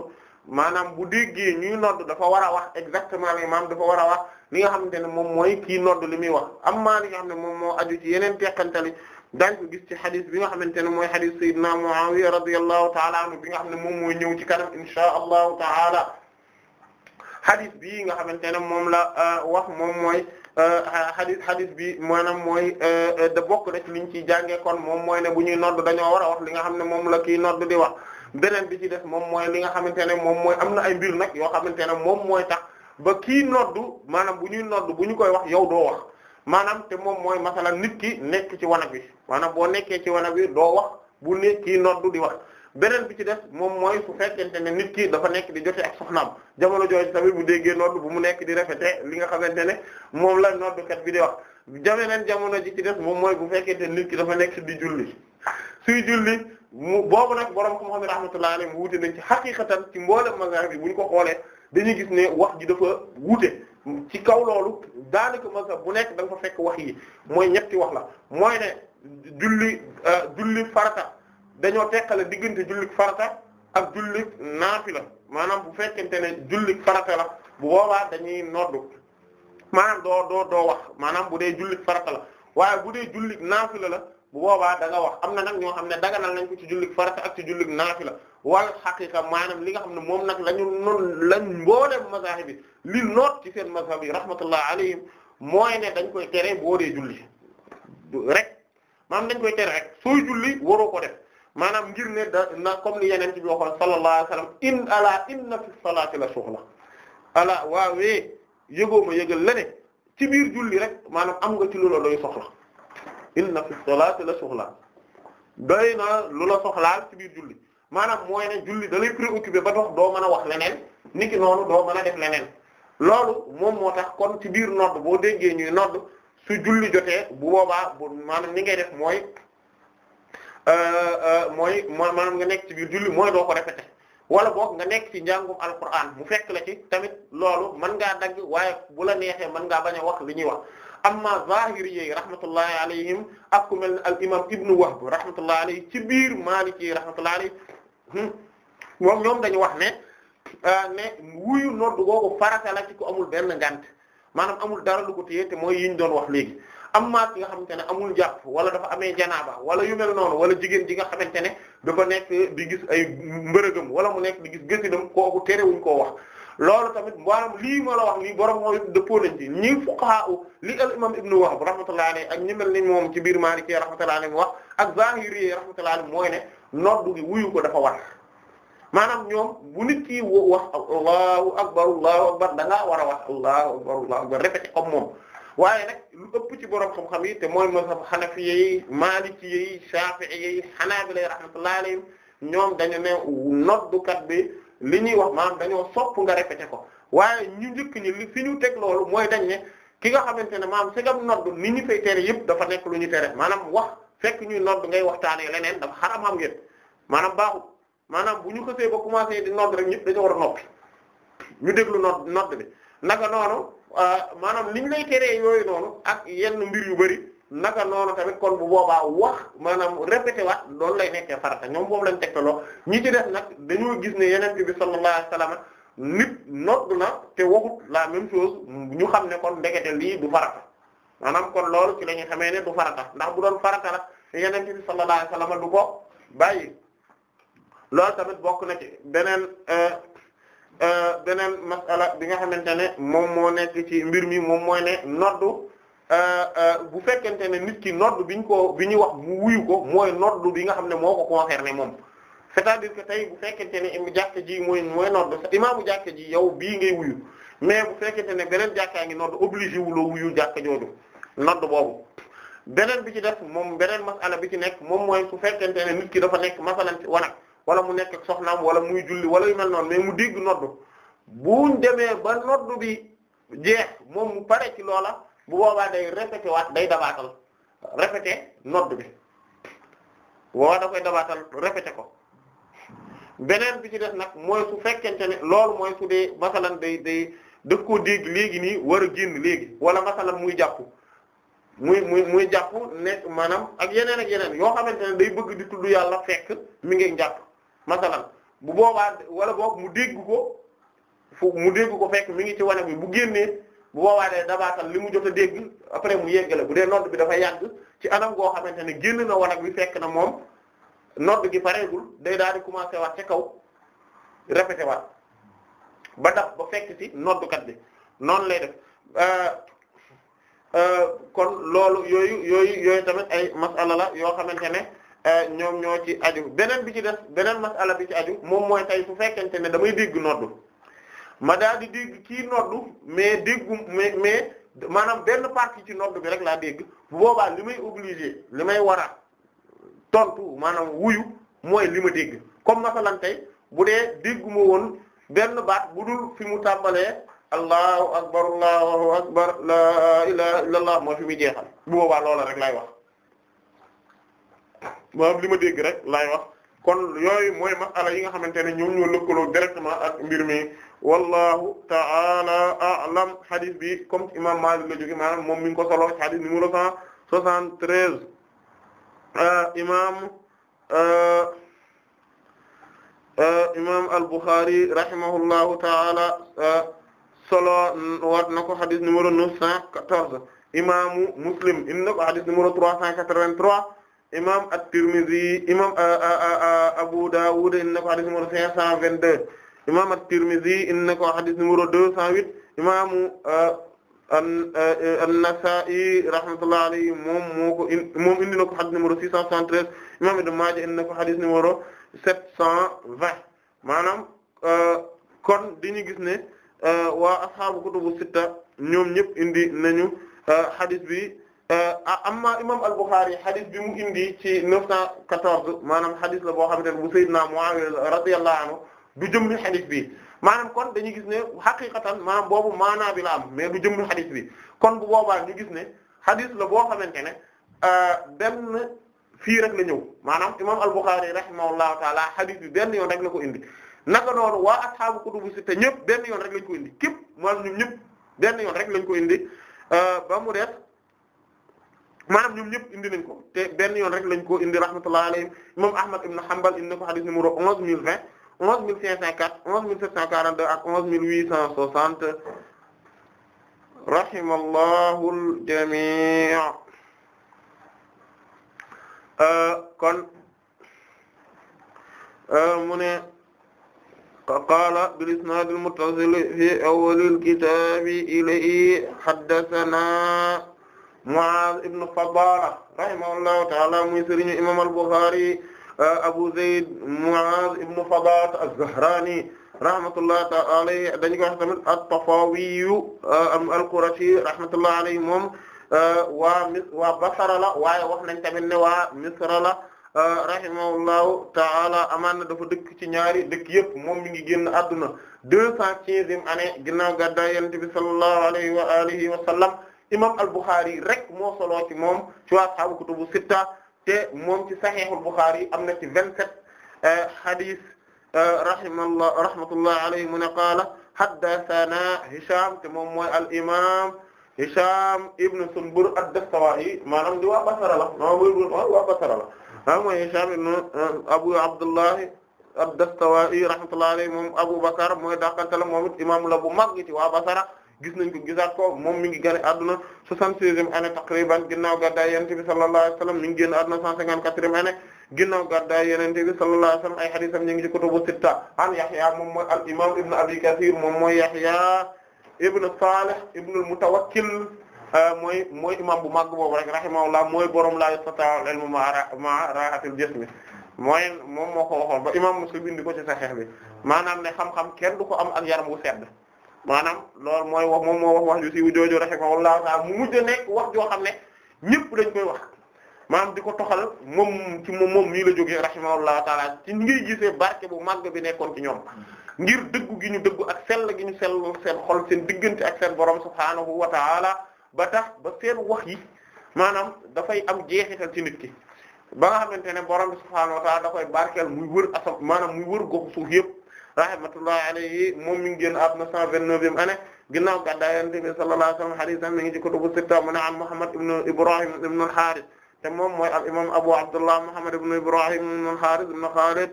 [SPEAKER 2] maanaam bu déggee ñuy nodd dafa war a wax exactement li maanaam dafa war a wax li nga xamante ne moom mooy kii noddu li muy wax amma li nga xam ne moom moo aju ci yeneen teqantali daañ ko gis ci xadis bi nga xamante ne mooy xadis sayyidina Muawiya radiyallahu ta'ala anhu bi nga xam ne moom mooy ñëw ci kanam inshaa allahu ta'ala xadis nga xamante ne moom la euh, wax moom mooy euh, xadis xadis bi maanaam mooy euh, da bokk rek ci liñ ciy jàngee moom mooy bu ñuy nodd dañoo war a wax li nga xam ne moom la kii nodd di wax beneen bi ci def moom mooy li nga xamante ne moom mooy am na ay mbir nag yoo xamante ne moom mooy tax ba kii noddu maanaam bu ñuy noddu bu ñu koy wax yow doo wax maanaam te moom mooy masalan nit ki nekk ci wanag wi maanaam boo nekkee ci wanag wi doo wax bu ne kii noddu di wax beneen bi ci des moom mooy su ne nit ki dafa nekk di jote ak soxnaam jamono jooju tamit bu déggee noddu bu mu nekk di répété li nga xamante ne moom la noddukat bi di wax jamono jamono ji ci des moom mooy bu fekkente ne nit ki dafa nekk di julli suy julli mu boobu nag borom xam-xam yi rahmatullahi alayhi mu wuute nañ ci xaqiqatan ci mboolem mazhab yi bu ñu ko xoolee. dañuy gis ne wax ji dafa wuute ci kaw loolu daanaka mazhab bu nekk da nga fa fekk wax yi mooy ñetti wax la mooy ne julli euh, julli farata dañoo teqale diggante julli farata ak julli naafila maanaam bu fekkente ne julli farata la bu boobaa dañuy noddu maanaam doo doo doo wax maanaam bu dee julli farata la waaye bu dee julli naafila la bu boobaa wax am na nag ñoo xam ne daganal nañ ko ci jullig farata ak ci jullig naafila wal xaqiqa maanaam li nga xam ne moom nag la ñu noonu lañ mbooleem mazahib bi li noot ci seen mazhab yi rahmatullah alayhim mooy ne dañ koy tere boo dee julli rek maanaam dañ koy tere rek sooy julli waroo ko def maanaam ngir ne da na comme li yeneen ci bi waxoon sallallahu alayhi wa sallam in ala inna fi salati la suxla ci biir julli rek maanaam am nga ci loola soxla inna fi salaati la soxlaa doy na lu la soxlaal ci biir julli maanaam mooy na julli dalay lay préoccupé ba dox doo mën a wax leneen niki noonu doo mën a def leneen loolu moom moo tax kon ci biir nodd boo déggee ñuy nodd su julli jotee bu boobaa bu maanaam ni ngay def mooy euh, euh, mooy maanaam nga nekk ci biir julli mooy doo ko répété wala boog nga nekk ci njàngum alquran mu fekk la ci tamit loolu mën ngaa dagg waaye bu la neexee mën ngaa bañ a wax li ñuy wax amma zahiri yi rahmatullahi alayhim ak ku mel ne al imam ibnu wahb rahmatullahi alayhi ci biir maliki yi rahmatullahi alayhi hmm, moom ñoom dañu wax ne euh, ne wuyu nodd googu farata la ci ko amul benn ngant maanaam amul dara lu ko téye te mooy yi ñu doon wax léegi amma ki nga xamante ne amul jàpp wala dafa amee janaaba wala yu mel noonu wala jigéen ji nga xamante ne dafa nekk di gis ay wala mu nekk di gis gësinam kooku wuñ koo wax loolu tamit maanaam lii ma wax lii borom mooy dëppoo nañ ci ñi fuqaha li al imam ibnu wahb rahmatullahi alayhi ak ñi mel ni moom ci biir maliki rahmatullahi alayhi wax ak zahiri rahmatullahi alayhi mooy ne noddu gi wuyu ko dafa war maanaam ñoom bu nit ki wax allahu akbar allahu akbar da ngaa war a wax allahu akbar allahu akbar répété comme moom waaye nag lu ëpp ci borom xam yi te mooy mazhab xanafiye yi malikiye yi shafi'iye yi xanaabila rahmatullahi alayhim ñoom dañu ne noddukat bi li ñuy wax maanaam dañoo sopp nga répété ko waaye ñu njëkk ñi li fi ñu teg loolu mooy dañ ne ki nga xamante ne maam maanaam segam nodd ni ñu fay tere yëpp dafa nekk lu ñu tere maanaam wax fekk ñuy nodd ngay waxtaanee leneen dafa xaram xam ngeen maanaam baaxul maanaam bu ñu xësee ba commencé di nodd rek ñëpp dañoo war a noppi ñu déglu nodd nodd bi naka noonu euh, maanaam liñ lay teree yooyu noonu ak yenn mbir yu bari naka noonu tamit kon bu boobaa wax maanaam répété waat loolu lay nekkee farata ñoom boobu lañ tegtaloo ñi ci def nag dañoo gis ne yeneen bi sallallahu alayhi wasallam nit nodd na te waxut la même chose ñu xam ne kon ndekete lii du farata maanaam kon loolu ci la ñuy xamee du farata ndax bu doon farata la yeneen bi sallallahu alayhi wasallam du ko bàyyi loolu tamit bokk na ci beneen euh, euh, beneen masala bi nga xamante ne moom moo nekk ci mbir mi moom mooy ne noddu Euh, euh, bu fekkente ne nit ki nodd bi ñu ko bi ñuy wax mu wuyu ko mooy nodd bi nga xam ne moo ko concerné moom c'est-à-dire que tey bu fekkente ne jàkka ji mooy mooy nodd imaamu jàkka ji yow bii nga wuyu mais bu fekkente ne beneen jàkkaa ngi nodd obligé wuloo wuyu jàkka jooju boobu beneen bi ci def moom beneen masala bi ci nekk moom mooy su fekkente ne nit ki dafa nekk masalan ci wala mu nekk ak soxnaam wala muy julli wala yu mel noon mais mu dégg nodd buñ demee ba nodd bi jeex moom mu pare ci loola bu boobaa day répété waat day dabaatal répété nodd bi boobaa da koy dabaatal répété ko beneen bi ci def nag mooy su fekkente ne loolu mooy su dee masalan day day daf koo dégg léegi nii war a génn léegi wala masalan muy jàpp muy muy muy jàpp nekk maanaam ak yeneen ak yeneen yoo xamante ne day bëgg di tuddu yàlla fekk mi ngi jàpp masalan bu boobaa wala boog mu dégg ko fu mu dégg ko fekk mu ngi ci wane bi bu génnee bu boobaa dee dabaatal li mu jot a dégg après mu yeggale bu dee nodd bi dafa yàgg ci anam goo xamante ne génn na wanag wi fekk na moom nodd gi pareegul day daal di commencé waat ca kaw répété waat ba daf ba fekk ci noddukat bi noonu lay def euh, euh, kon loolu yooyu yooyu yooyu tamit ay masala la yoo xamante ne euh, ñoom ñoo ci aju beneen bi ci des beneen masala bi ci aju moom mooy tey su fekkente ne damay dégg noddu ma daal di dégg kii noddu mais déggu mais mais maanaam benn partie ci noddu bi rek laa dégg boobaa li may obligé li may war a tontu maanaam wuyu mooy li ma dégg comme masalan tey bu dee dégguma woon benn baat bu dul fi mu tàmbalee allahu akbar allahu akbar la ilaha laa moo fi muy jeexal bu boobaa loola rek laay wax maanaam li ma dégg rek laay wax kon yooyu mooy masala yi nga xamante ne ñoom ñoo lëkkaloo directement ak mbir mi wallahu ta'ala a'lam hadis bi comme imam Malik la jóge maanaam moom mi ngi ko solo hadis numéro cent soixante-treize euh, imam euh, euh, imam al-Bukhari ta'ala solo waat na ko Muslim indi na trois cent quatre-vingt-trois imam at imam Abu Dawud indi na cent vingt-deux imam at-Tirmidhi indi na ko hadith numéro 208 imaamu euh, euh, an-Nasa'i rahmatullahi alayhi moom moo ko moom indi na ko hadith numéro 673 imam Ibn Maaja indi na ko hadith numéro maanaam euh, kon diñu gis ne waa ashaabu kutubu sitta ñoom ñëpp indi nañu hadith bi amma imam al-Bukhari hadith bi mu indi ci 914 maanaam hadith la boo xamante ne na Sayyidina Muawiya radiyallahu anhu du jëmmi xadis bi maanaam kon dañuy gis ne xaqiqatan maanaam boobu maanaa bi la am mais du jëmmi xadis bi kon bu boobaa ñu gis ne xadis la boo xamante ne euh, benn fii rek la ñëw maanaam imam al-Bukhari rahimahullahu taala xadis bi benn yoon rek la ko indi naka noonu waa ashaabu kutubu sitta ñëpp benn yoon rek lañ ko indi képp maanaam ñoom ñëpp benn yoon rek lañ ko indi euh, ba mu def maanaam ñoom ñëpp indi nañ ko te benn yoon rek lañ ko indi rahmatullahi alayhim imam Ahmad ibn Hanbal indi na ko xadis numéro 11 020 onze mille cinq cent quatre onze mille sept cent quarante deux ak onze mille huit cent soixante rahimallahu al-jami' euh, kon euh, mu ne qaala bil-isnaad al-muttasil fi awwal al-kitaab ilayhi haddathanaa Mu'aaz ibn Fadaala rahimahullahu ta'aala muy sëriñu imaam al-Bukhaari Abu Zayd Mu'aaz ibn Fadaat az-Zahraani rahmatullah ta'ala alayhi dañu ko wax tamit at-Tafawiyu al-Qurashi rahmatullah alayhi moom euh, waa Mis waa Basra la waaye wax nañ tamit ne waa Misra la euh, rahimahullahu ta'ala amaan na dafa dëkk ci ñaari dëkk yëpp moom mi ngi génn adduna deux cent quinzième année ginnaaw gàddaay Yonent bi sallallahu alayhi wa alihi wa sallam imam al-Bukhari rek moo solo ci moom ci waa ashaabu kutubu sitta te moom ci saxiixul Buxaari am na ci 27 hadith euh, euh, rahimahullah rahmatullah alayhi mu ne qaala haddathana Hisham te moom mooy al imaam Hisham ibn di waa Basra la ma wër waa Basra la ah mooy Hisham ibn euh, Abu Abdullah ad-Dastuwaa'i rahmatullah alayhi moom Abu Bakr mooy dàqante la moom it imaam la bu mag ci waa gis nañ ko gisaat ko moom mi ngi gane adduna soixante-seizième année taqriban ginnaaw gàddaay yonent bi sallallahu alayhi wa sallam mi ngi génn adduna cent cinquante-quatrième année ginnaaw gàddaay yonent bi sallallahu alayhi ñu ngi ci sitta an Yahya moom mooy al imam ibn Abi Kathir moom mooy Yahya ibn Salih ibn mutawakkil euh, mooy mooy imam bu màgg boobu rek rahimahullah mooy borom la yastata al-ilmu ma'a rahatil mi mooy moom moo ko waxoon ba imam Muslim indi ko ci Sahih bi maanaam ne xam-xam du ko am ak yaram wu sedd maanaam loolu mooy wax moom moo wax wax ju siiw jooju rahimahullahu ta'ala mu mujj nekk wax joo xam ne ñëpp lañ koy wax maanaam di ko toxal moom ci moom moom nii la jógee rahimahullahu ta'ala ci ngay gisee barke bu màgg bi nekkoon ci ñoom ngir dëggu gi ñu dëggu ak sell gi ñu sell seen xol seen diggante ak seen borom subhaanahu wa ta'ala ba tax ba seen wax yi maanaam dafay am jeexital ci nit ki ba nga xamante ne borom bi subhaanahu da koy barkeel muy wër asam maanaam muy wër goxu suuf yëpp rahmatullahi alayhi moom mi ngi génn àdduna 129e année ginnaaw gàddaay Yonent bi sallallahu alayhi wa sallam hadiisam mi ngi ci kutubu sitta mu ne am Muhammad ibn Ibrahim ibn al-Harith te moom mooy al imam Abu Abdullah Muhammad ibn Ibrahim ibn al-Harith ibn Khalid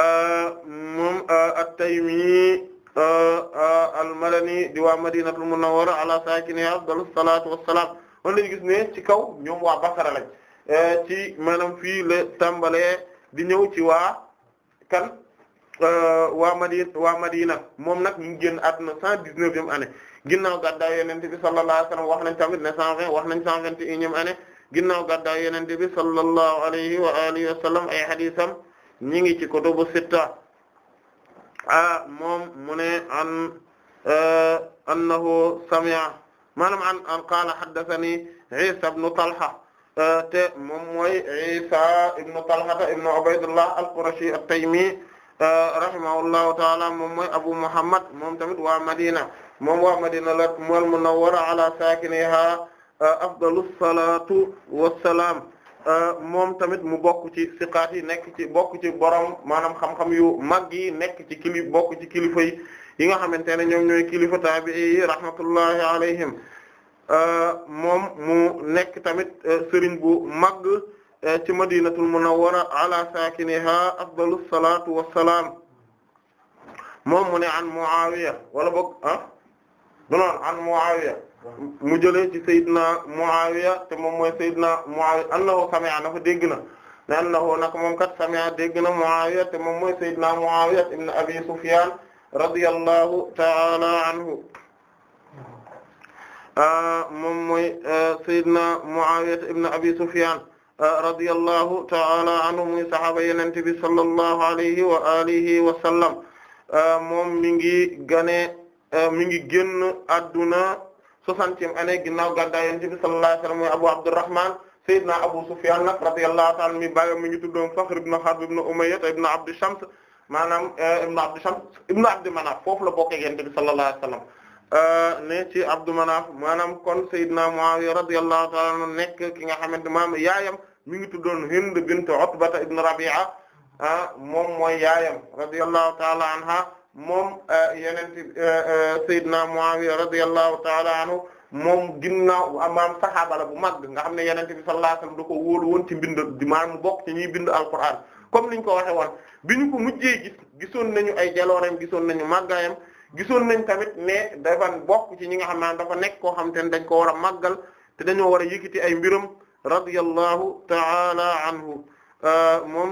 [SPEAKER 2] euh, moom euh, at-Taymi euh, al-Madani di waa Madinatul Munawwara ala saakinihaa afdalu salaatu wassalaam on lañu gis ne ci kaw ñoom waa Basra lañ ci maanaam fii la tàmbalee di ñëw ci waa kan Euh, waa Madina waa Madina moom nag ñu ngi génn àdduna cent dix-neuvième année ginnaaw gàddaay yonent bi sallallahu alayhi wa sallam wax nañ tamit ne cent vingt wax nañ cent vingt et unième année ginnaaw gàddaay yonent bi sallallahu alayhi wa alihi wa sallam ay hadisam ñi ngi ci kutubu sitta a moom mu ne an euh, annahu sami'a maanaam an an qaala haddathani Isa Talha euh, te moom mooy Isa ibn Talha ibn Ubaydullah al-Qurashi at-Taymi Euh, rahimahullahu taala moom mooy Abu Muhammad moom tamit waa Madina moom wa Madina la wal munawwara ala saakiniha euh, afdalu salaatu wassalaam euh, moom tamit mu bokk ci siqaat yi nekk ci bokk ci borom maanaam xam-xam yu mag yi nekk ci kili bokk kilifa yi nga xamante ne ñoom ñooy kilifa taabi'i yi rahmatullahi alayhim moom mu nekk tamit sëriñ bu mag. ci madinatul munawwara ala saakiniha afdalus salaatu wassalaam moom mu ne an Muawiya wala boog ah dunoon an Muawiya mu jëlee ci Seydina Muawiya te moom mooy Seydina Muawiya annahu sami'a na fa dégg na ne annahu nag moom kat sami'a dégg na Muawiya te moom mooy Seydina Muawiya ibn Abi Sufyan radiyallahu ta'ala anhu ah, moom mooy eh, Seydina Muawiya ibn Abi Sufyan radiyallahu ta'ala anhu muy sahaaba yenente bi sallallahu alayhi wa alihi wa sallam euh, moom mi ngi gane euh, mi ngi génn adduna soixantième année ginnaaw gàddaay yenente bi sallallahu alayhi wa sallam mooy Abu Abdurrahman Seydina Abu Sufyan nag radiyallahu ta'ala mi bàyyam mi ngi tuddoon Fakhr ibn Harb ibn Umayya ibn Abd Shams maanaam euh, ibn Abd Shams ibn Abd Manaf foofu la bokk ak yenente bi sallallahu alayhi wa sallam Euh, ne ci Abdu Manaf maanaam kon Seydina Muawiya radiyallahu ta'ala anhu nekk ki nga xamante maam yaayam mi ngi tuddoon Hind bint Utbata ibn Rabi'a ah moom mooy yaayam radiyallahu ta'ala anha moom euh, yeneen euh, Seydina Muawiya radiyallahu ta'ala anhu moom ginnaaw ah, maam saxaaba la bu mag nga am ne yonent bi sallallahu alayhi wasallam da ko wóolu woon ci mbind di maanaam mu bokk ci ñuy bind alquran comme niñ ko waxe woon bi ñu ko mujjee gis gisoon nañu ay jalooreem gisoon nañu màggaayam gisoon nañ tamit ne dafa bokk ci ñi nga xam ne dafa nekk koo xam te ne dañ ko war a màggal te dañoo war a yëkkati ay mbiram radiyallahu ta'ala anhu euh, moom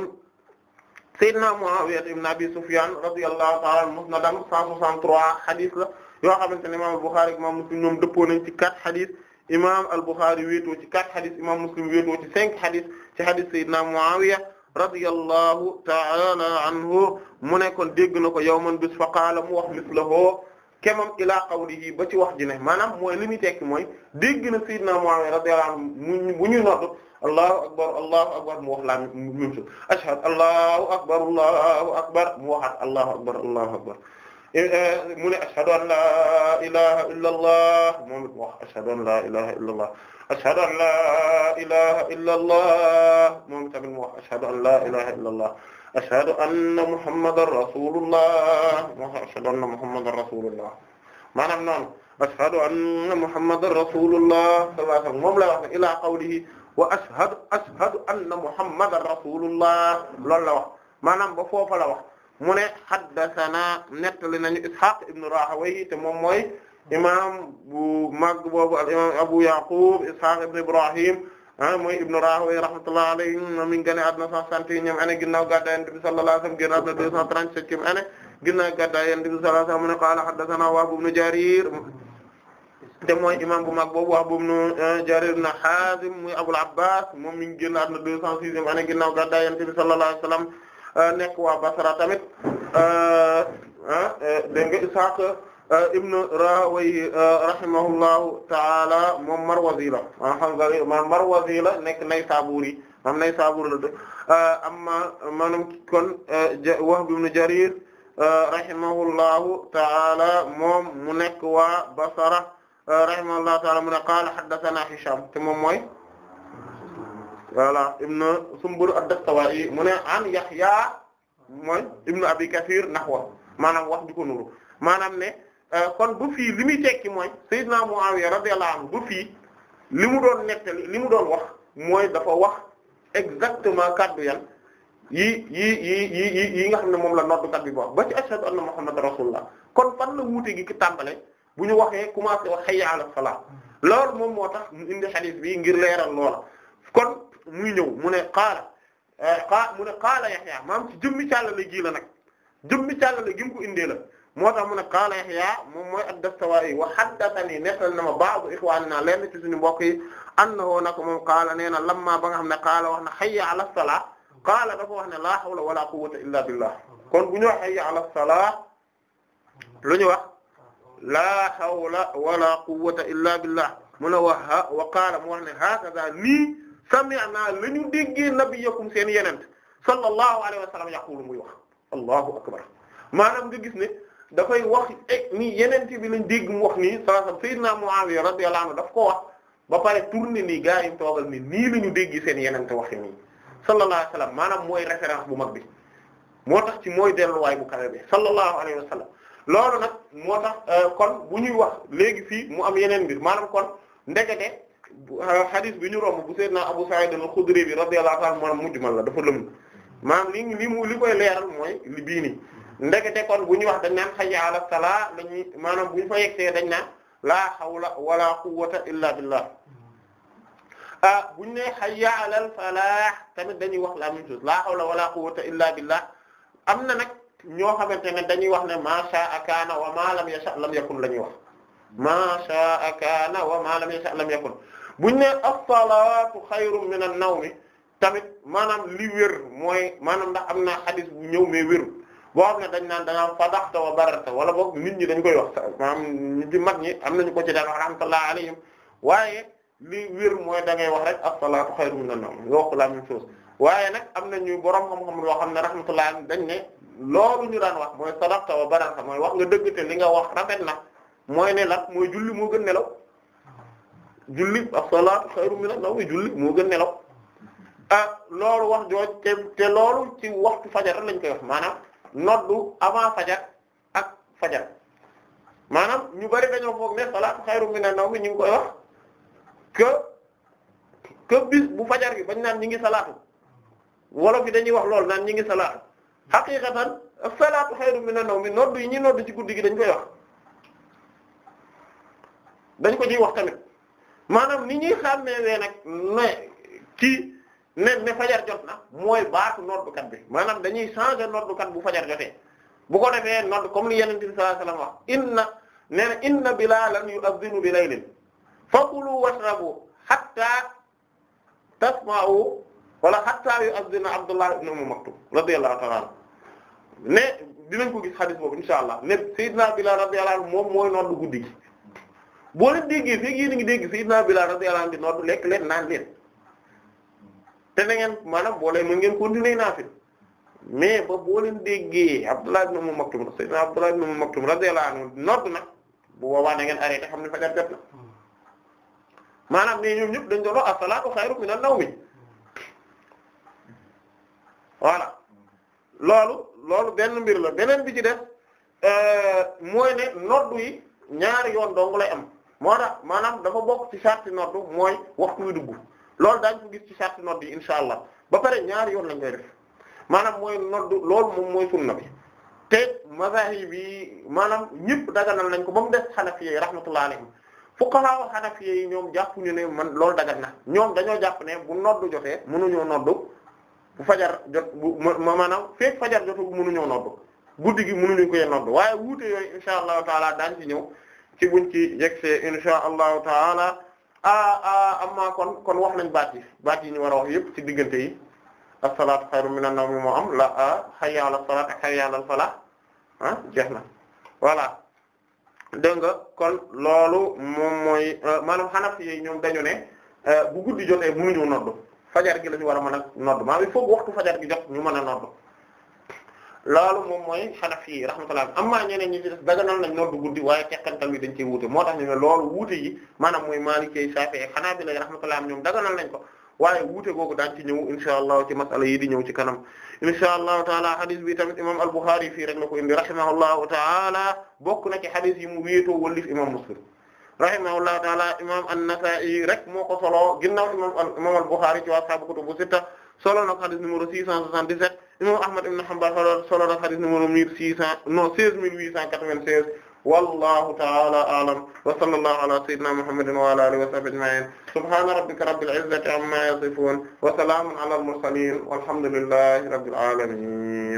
[SPEAKER 2] Seydina Muawiya ibn Abi Sufyan radiyallahu ta'ala anhu musnadam 163 hadith la yoo xamante ne imaam al-Bukhari imaam Muslim ñoom dëppoo nañ ci 4 hadith imaam al-Bukhari wéetoo ci 4 hadith imaam Muslim wéetoo ci 5 hadith ci hadith Seydina Muawiya radiyallahu ta'ala anhu mu ne kon dégg na ko yawman bis fa qaala mu wax mislahu kemam ilaa qawlihi ba ci wax ji ne maanaam mooy li muy tekki mooy dégg na sayyidina Muhammad radiyallahu anhu mu bu ñuy nodd allahu akbar allahu akbar mu wax laa même chose ashhadu allahu akbar allahu akbar mu waxaat allahu akbar allahu akbar Eh, eh, mu ne ashhadu an la ilaha illa allah moom it mu wax ashhadu an la ilaha illa allah ashhadu an la ilaha illa allah moom tamit mu wax ashhadu an la ilaha illa allah ashhadu anna muhammadan rasulullah mu wax ashhadu anna muhammadan rasulullah maanaam noonu ashhadu anna muhammadan rasulullah sallallahu alayhi wa sallam moom la wax ne ila qawlihi wa ashhadu ashhadu anna muhammadan rasulullah loolu la wax maanaam ba foofa la wax mu ne haddathana nettali nañu Ishaq ibn Rahawayh te moom mooy imam bu mag boobu al imam Abu Yaqub Ishaq ibn Ibrahim ah mooy ibn Rahawayh rahmatullahi alayhi moom mi ngi génn àdduna 161 année ginnaaw gàddaay Yonent bi sallallahu alayhi wasallam génn àdduna 237 année ginnaaw gàddaay Yonent bi sallallahu alayhi wasallam mu ne qaala haddathana Wahb ibn Jarir te mooy imam bu mag boobu Wahb ibn ah, Jarir ibn Hazim muy Abul Abbas moom mi ngi génn àdduna 206 année ginnaaw gàddaay Yonent bi sallallahu alayhi wasallam Euh, nekk waa Basra tamit euh, euh, dégg nga Ishaq ibn Rahawayh rahimahullahu taala moom Marwazi la Hanzali ah, ma Marwazi la nekk Naysaburi am Naysabur la dëkk amma maanaam kon Wahb ibn Jarir rahimahullahu taala moom mu nekk waa Basra rahimahullahu taala mu ne qaala haddathana Hisham te moom mooy voilà ibn Sumbur ad-Dastawa'i mu ne an Yahya mooy ibn Abi Kathir nahwa maanaam wax di ko nuru maanaam ne euh, kon bu fii li muy tekki mooy Sayyidna Muawiya radiyallahu anhu bu fii li mu doon nettali li mu doon wax mooy dafa wax exactement kaddu yan yi yi yi yi yi nga xam ne moom la noddukat bi bu ba ci ashhadu anna Muhammadan rasulullah kon fan la wuute gi ki tàmbale bu ñu waxee commencé wax hayya ala salat moom moo tax mu indi hadith bi ngir leeral muy ñëw mu ne qaala eh, qaa mu ne qaala Yahya maam ci jëmmi càllale gii la nag jëmmi càllale gi mu ko indee la moo tax mu ne qaala Yahya moom mooy ad-Dastawaa'i wa haddathanii nettal na ma ba'du ikhwaaninaa lenn ci suñu mbokk yi annahu nag moom qaala nee na lamma ba na xam ne qaala wax na hayya ala salaa qaala dafa wax ne la hawla wala quwwata illaa billah kon bu ñu wax hayya ala lu ñu wax laa hawla wala mu wa wa qaala wax ne hakaza nii sami'na la ñu déggee nabiyakum seen yeneen sallallahu alayhi wa sallam yaqulu muy wax allahu akbar maanaam nga gis ne dafay wax e ni yeneen bi lañ dégg mu wax nii sallallahu sayyidina Muawiya radiyallahu anhu daf ko wax ba pare tourné nii gaa yi toogal ni nii la ñu dégg seen yeneen waxi nii sallallahu alayhi wa sallam maanaam mooy référence bu mag bi moo tax ci mooy delluwaay bu kawe bi sallallahu alayhi wa sallam loolu nag moo tax euh, kon bu ñuy wax léegi fii mu am yeneen mbir maanaam kon ndekete. hadith bi ñu romb bu Seydina Abu Sa'id al-Khudri bi radiyallahu ta'ala maanaam mujmal la dafa lëmm maanaam li li mu li koy leeral mooy li bii ndekete kon bu ñuy wax dañ naan hayya ala salaa lañuy maanaam bu ñu fa yegsee dañ naan laa hawla wala quwwata illa billah ah bu ñu tamit dañuy wax la même chose wala quwwata illa billah am na nag ñoo xamante ne dañuy wax ne ma sha'a kaana wa ma lam yasha lam yakun la ñuy wax ma sha'a kaana wa ma lam yasha lam yakun buñ ne as-salaatu xayrun min naw mi tamit maanaam li wér mooy maanaam ndax am naa xadis bu ñëw mais wéru boo xam ne dañ naan danaa fadaxta wa bararta wala boog nit ñi dañ koy wax maanaam ñi di mag ñi am nañu ko ci daan rahmatullah alayhim waaye li wér mooy da ngay wax rek as-salaatu xayrun min an-nawm nga wax la nag am na ñu borom xam-xam loo xam ne rahmatullah dañ ne loolu ñu daan wax mooy sadaqta wa bararta mooy wax nga dëgg te li nga wax rafet na mooy ne la mooy julli moo gën nelaw julli as-salaatu na mina nawmi julli moo gën nelaw ah loolu wax jooj te te loolu ci waxtu fajar lañ koy wax maanaam noddu avant fajar ak fajar maanaam ñu bari dañoo foog ne salaatu xayrun mina nawmi ñu ngi koy wax que que bis bu fajar bi bañ naan ñi ngi salaatu wolof yi dañuy wax loolu naan ñi ngi salaatu xaqiiqatan as-salaatu xayrun mina nawmi noddu yi ñuy noddu ci guddi gi dañ koy wax dañ ko ji wax tamit. maanaam ni ñuy xàmmee nag ne ci ne ne fajar jot na mooy baatu noddukat bi maanaam dañuy changer noddukat bu fajar jotee bu ko defee nodd comme li Yonent bi sallallahu alayhi wasallam wax inna nee na inna Bilaalan yu'adhdhinu bi laylin fakulu washrabu hatta tasma'u wala hatta yu'adhdhina Abdullah ibn Umm Maktum radiyallahu ta'ala anhu ne dinañ ko gis xadis boobu insha Allah ne Sayyidina Bilaal radiyallahu anhu moom mooy noddu guddi gi boo leen déggee feeg dégg a ngi dégg Seydina Bilaal radiyallahu anhu noddu lekk leen naan leen te na ngeen maanaam boo leen mën ngeen continuer naafil mais ba boo leen déggee Abdullah ibn Umm Maktum Seydina Abdullah ibn Umm Maktum radiyallahu noddu nag bu boobaa na ngeen arrêté xam ne fajar jot na maanaam ne ñoom ñëpp dañ doon wax as-salaatu xayrun mina nawmi voilà loolu loolu benn mbir la beneen bi ci def euh, mooy ne noddu yi ñaari yoon dong lay am moo maanaam dafa bokk ci sarti noddu mooy waxtu wi dugg loolu daañu ko gis ci sarti noddu yi insha allah ba pare ñaari yoon lañ koy def maanaam mooy noddu loolu moom mooy sunna bi te bi maanaam ñëpp daganal nañ ko ba mu des xanafi yi rahmatullah alayhim fuqaha xanafi yi ñoom jàppuñu ne man loolu dagan na ñoom dañoo jàpp ne bu noddu jotee mënuñoo noddu bu fajar jot bu maanaam fekk fajar jotu mënuñoo noddu guddi gi mënuñu koy noddu waaye wuute yooyu insha allahu taala daañ ci ñëw ci buñ ci yegsee insha allahu taala a amma kon kon wax nañ baat yi baat yi ñu war a wax yëpp ci diggante yi as-salaatu xayrun minan nawmi moo am la a hayya ala salaat ak hayya ala falaah ah jeex na voilà dégg nga kon loolu moom mooy euh, maanaam Hanafi yi ñoom dañu ne euh, bu guddi jotee mënuñu nodd fajar gi lañu ñu war a mën a nodd maa ngi foog waxtu fajar gi jot ñu mën a nodd loolu moom mooy xanafi yi rahmatullah amma ñeneen ñi ci def daganal nañ noddu guddi waaye tekkantal yi dañ cee wuute moo tax ñu ne loolu wuute yi maanaam mooy Maalikee Saafi'i Xanaabila rahmatullah ñoom daganal nañ ko waaye wuute googu daan ci ñëw insha allah ci masala yi di ñëw ci kanam insha allah taala hadith bi tamit imam al-Bukhari fii rek la ko indi rahimahullahu taala bokk na ci yi mu wéetoo wallif rek moo ko soloo ginnaaw imam al-Bukhari ci waa saabu kutubu sitta solo nak imam Ahmad ibn Hanbal solo na hadith numéro mille six cent non seize mille huit cent quatre-vingt-seize wallahu ta'ala a'lam wa sallallahu ala sayyidina Muhammadin wa ala alihi wa sahbihi ajma'in subhana rabbika rabbil izzati amma yasifun wa salamun ala al mursalin walhamdulillahi rabbil alamin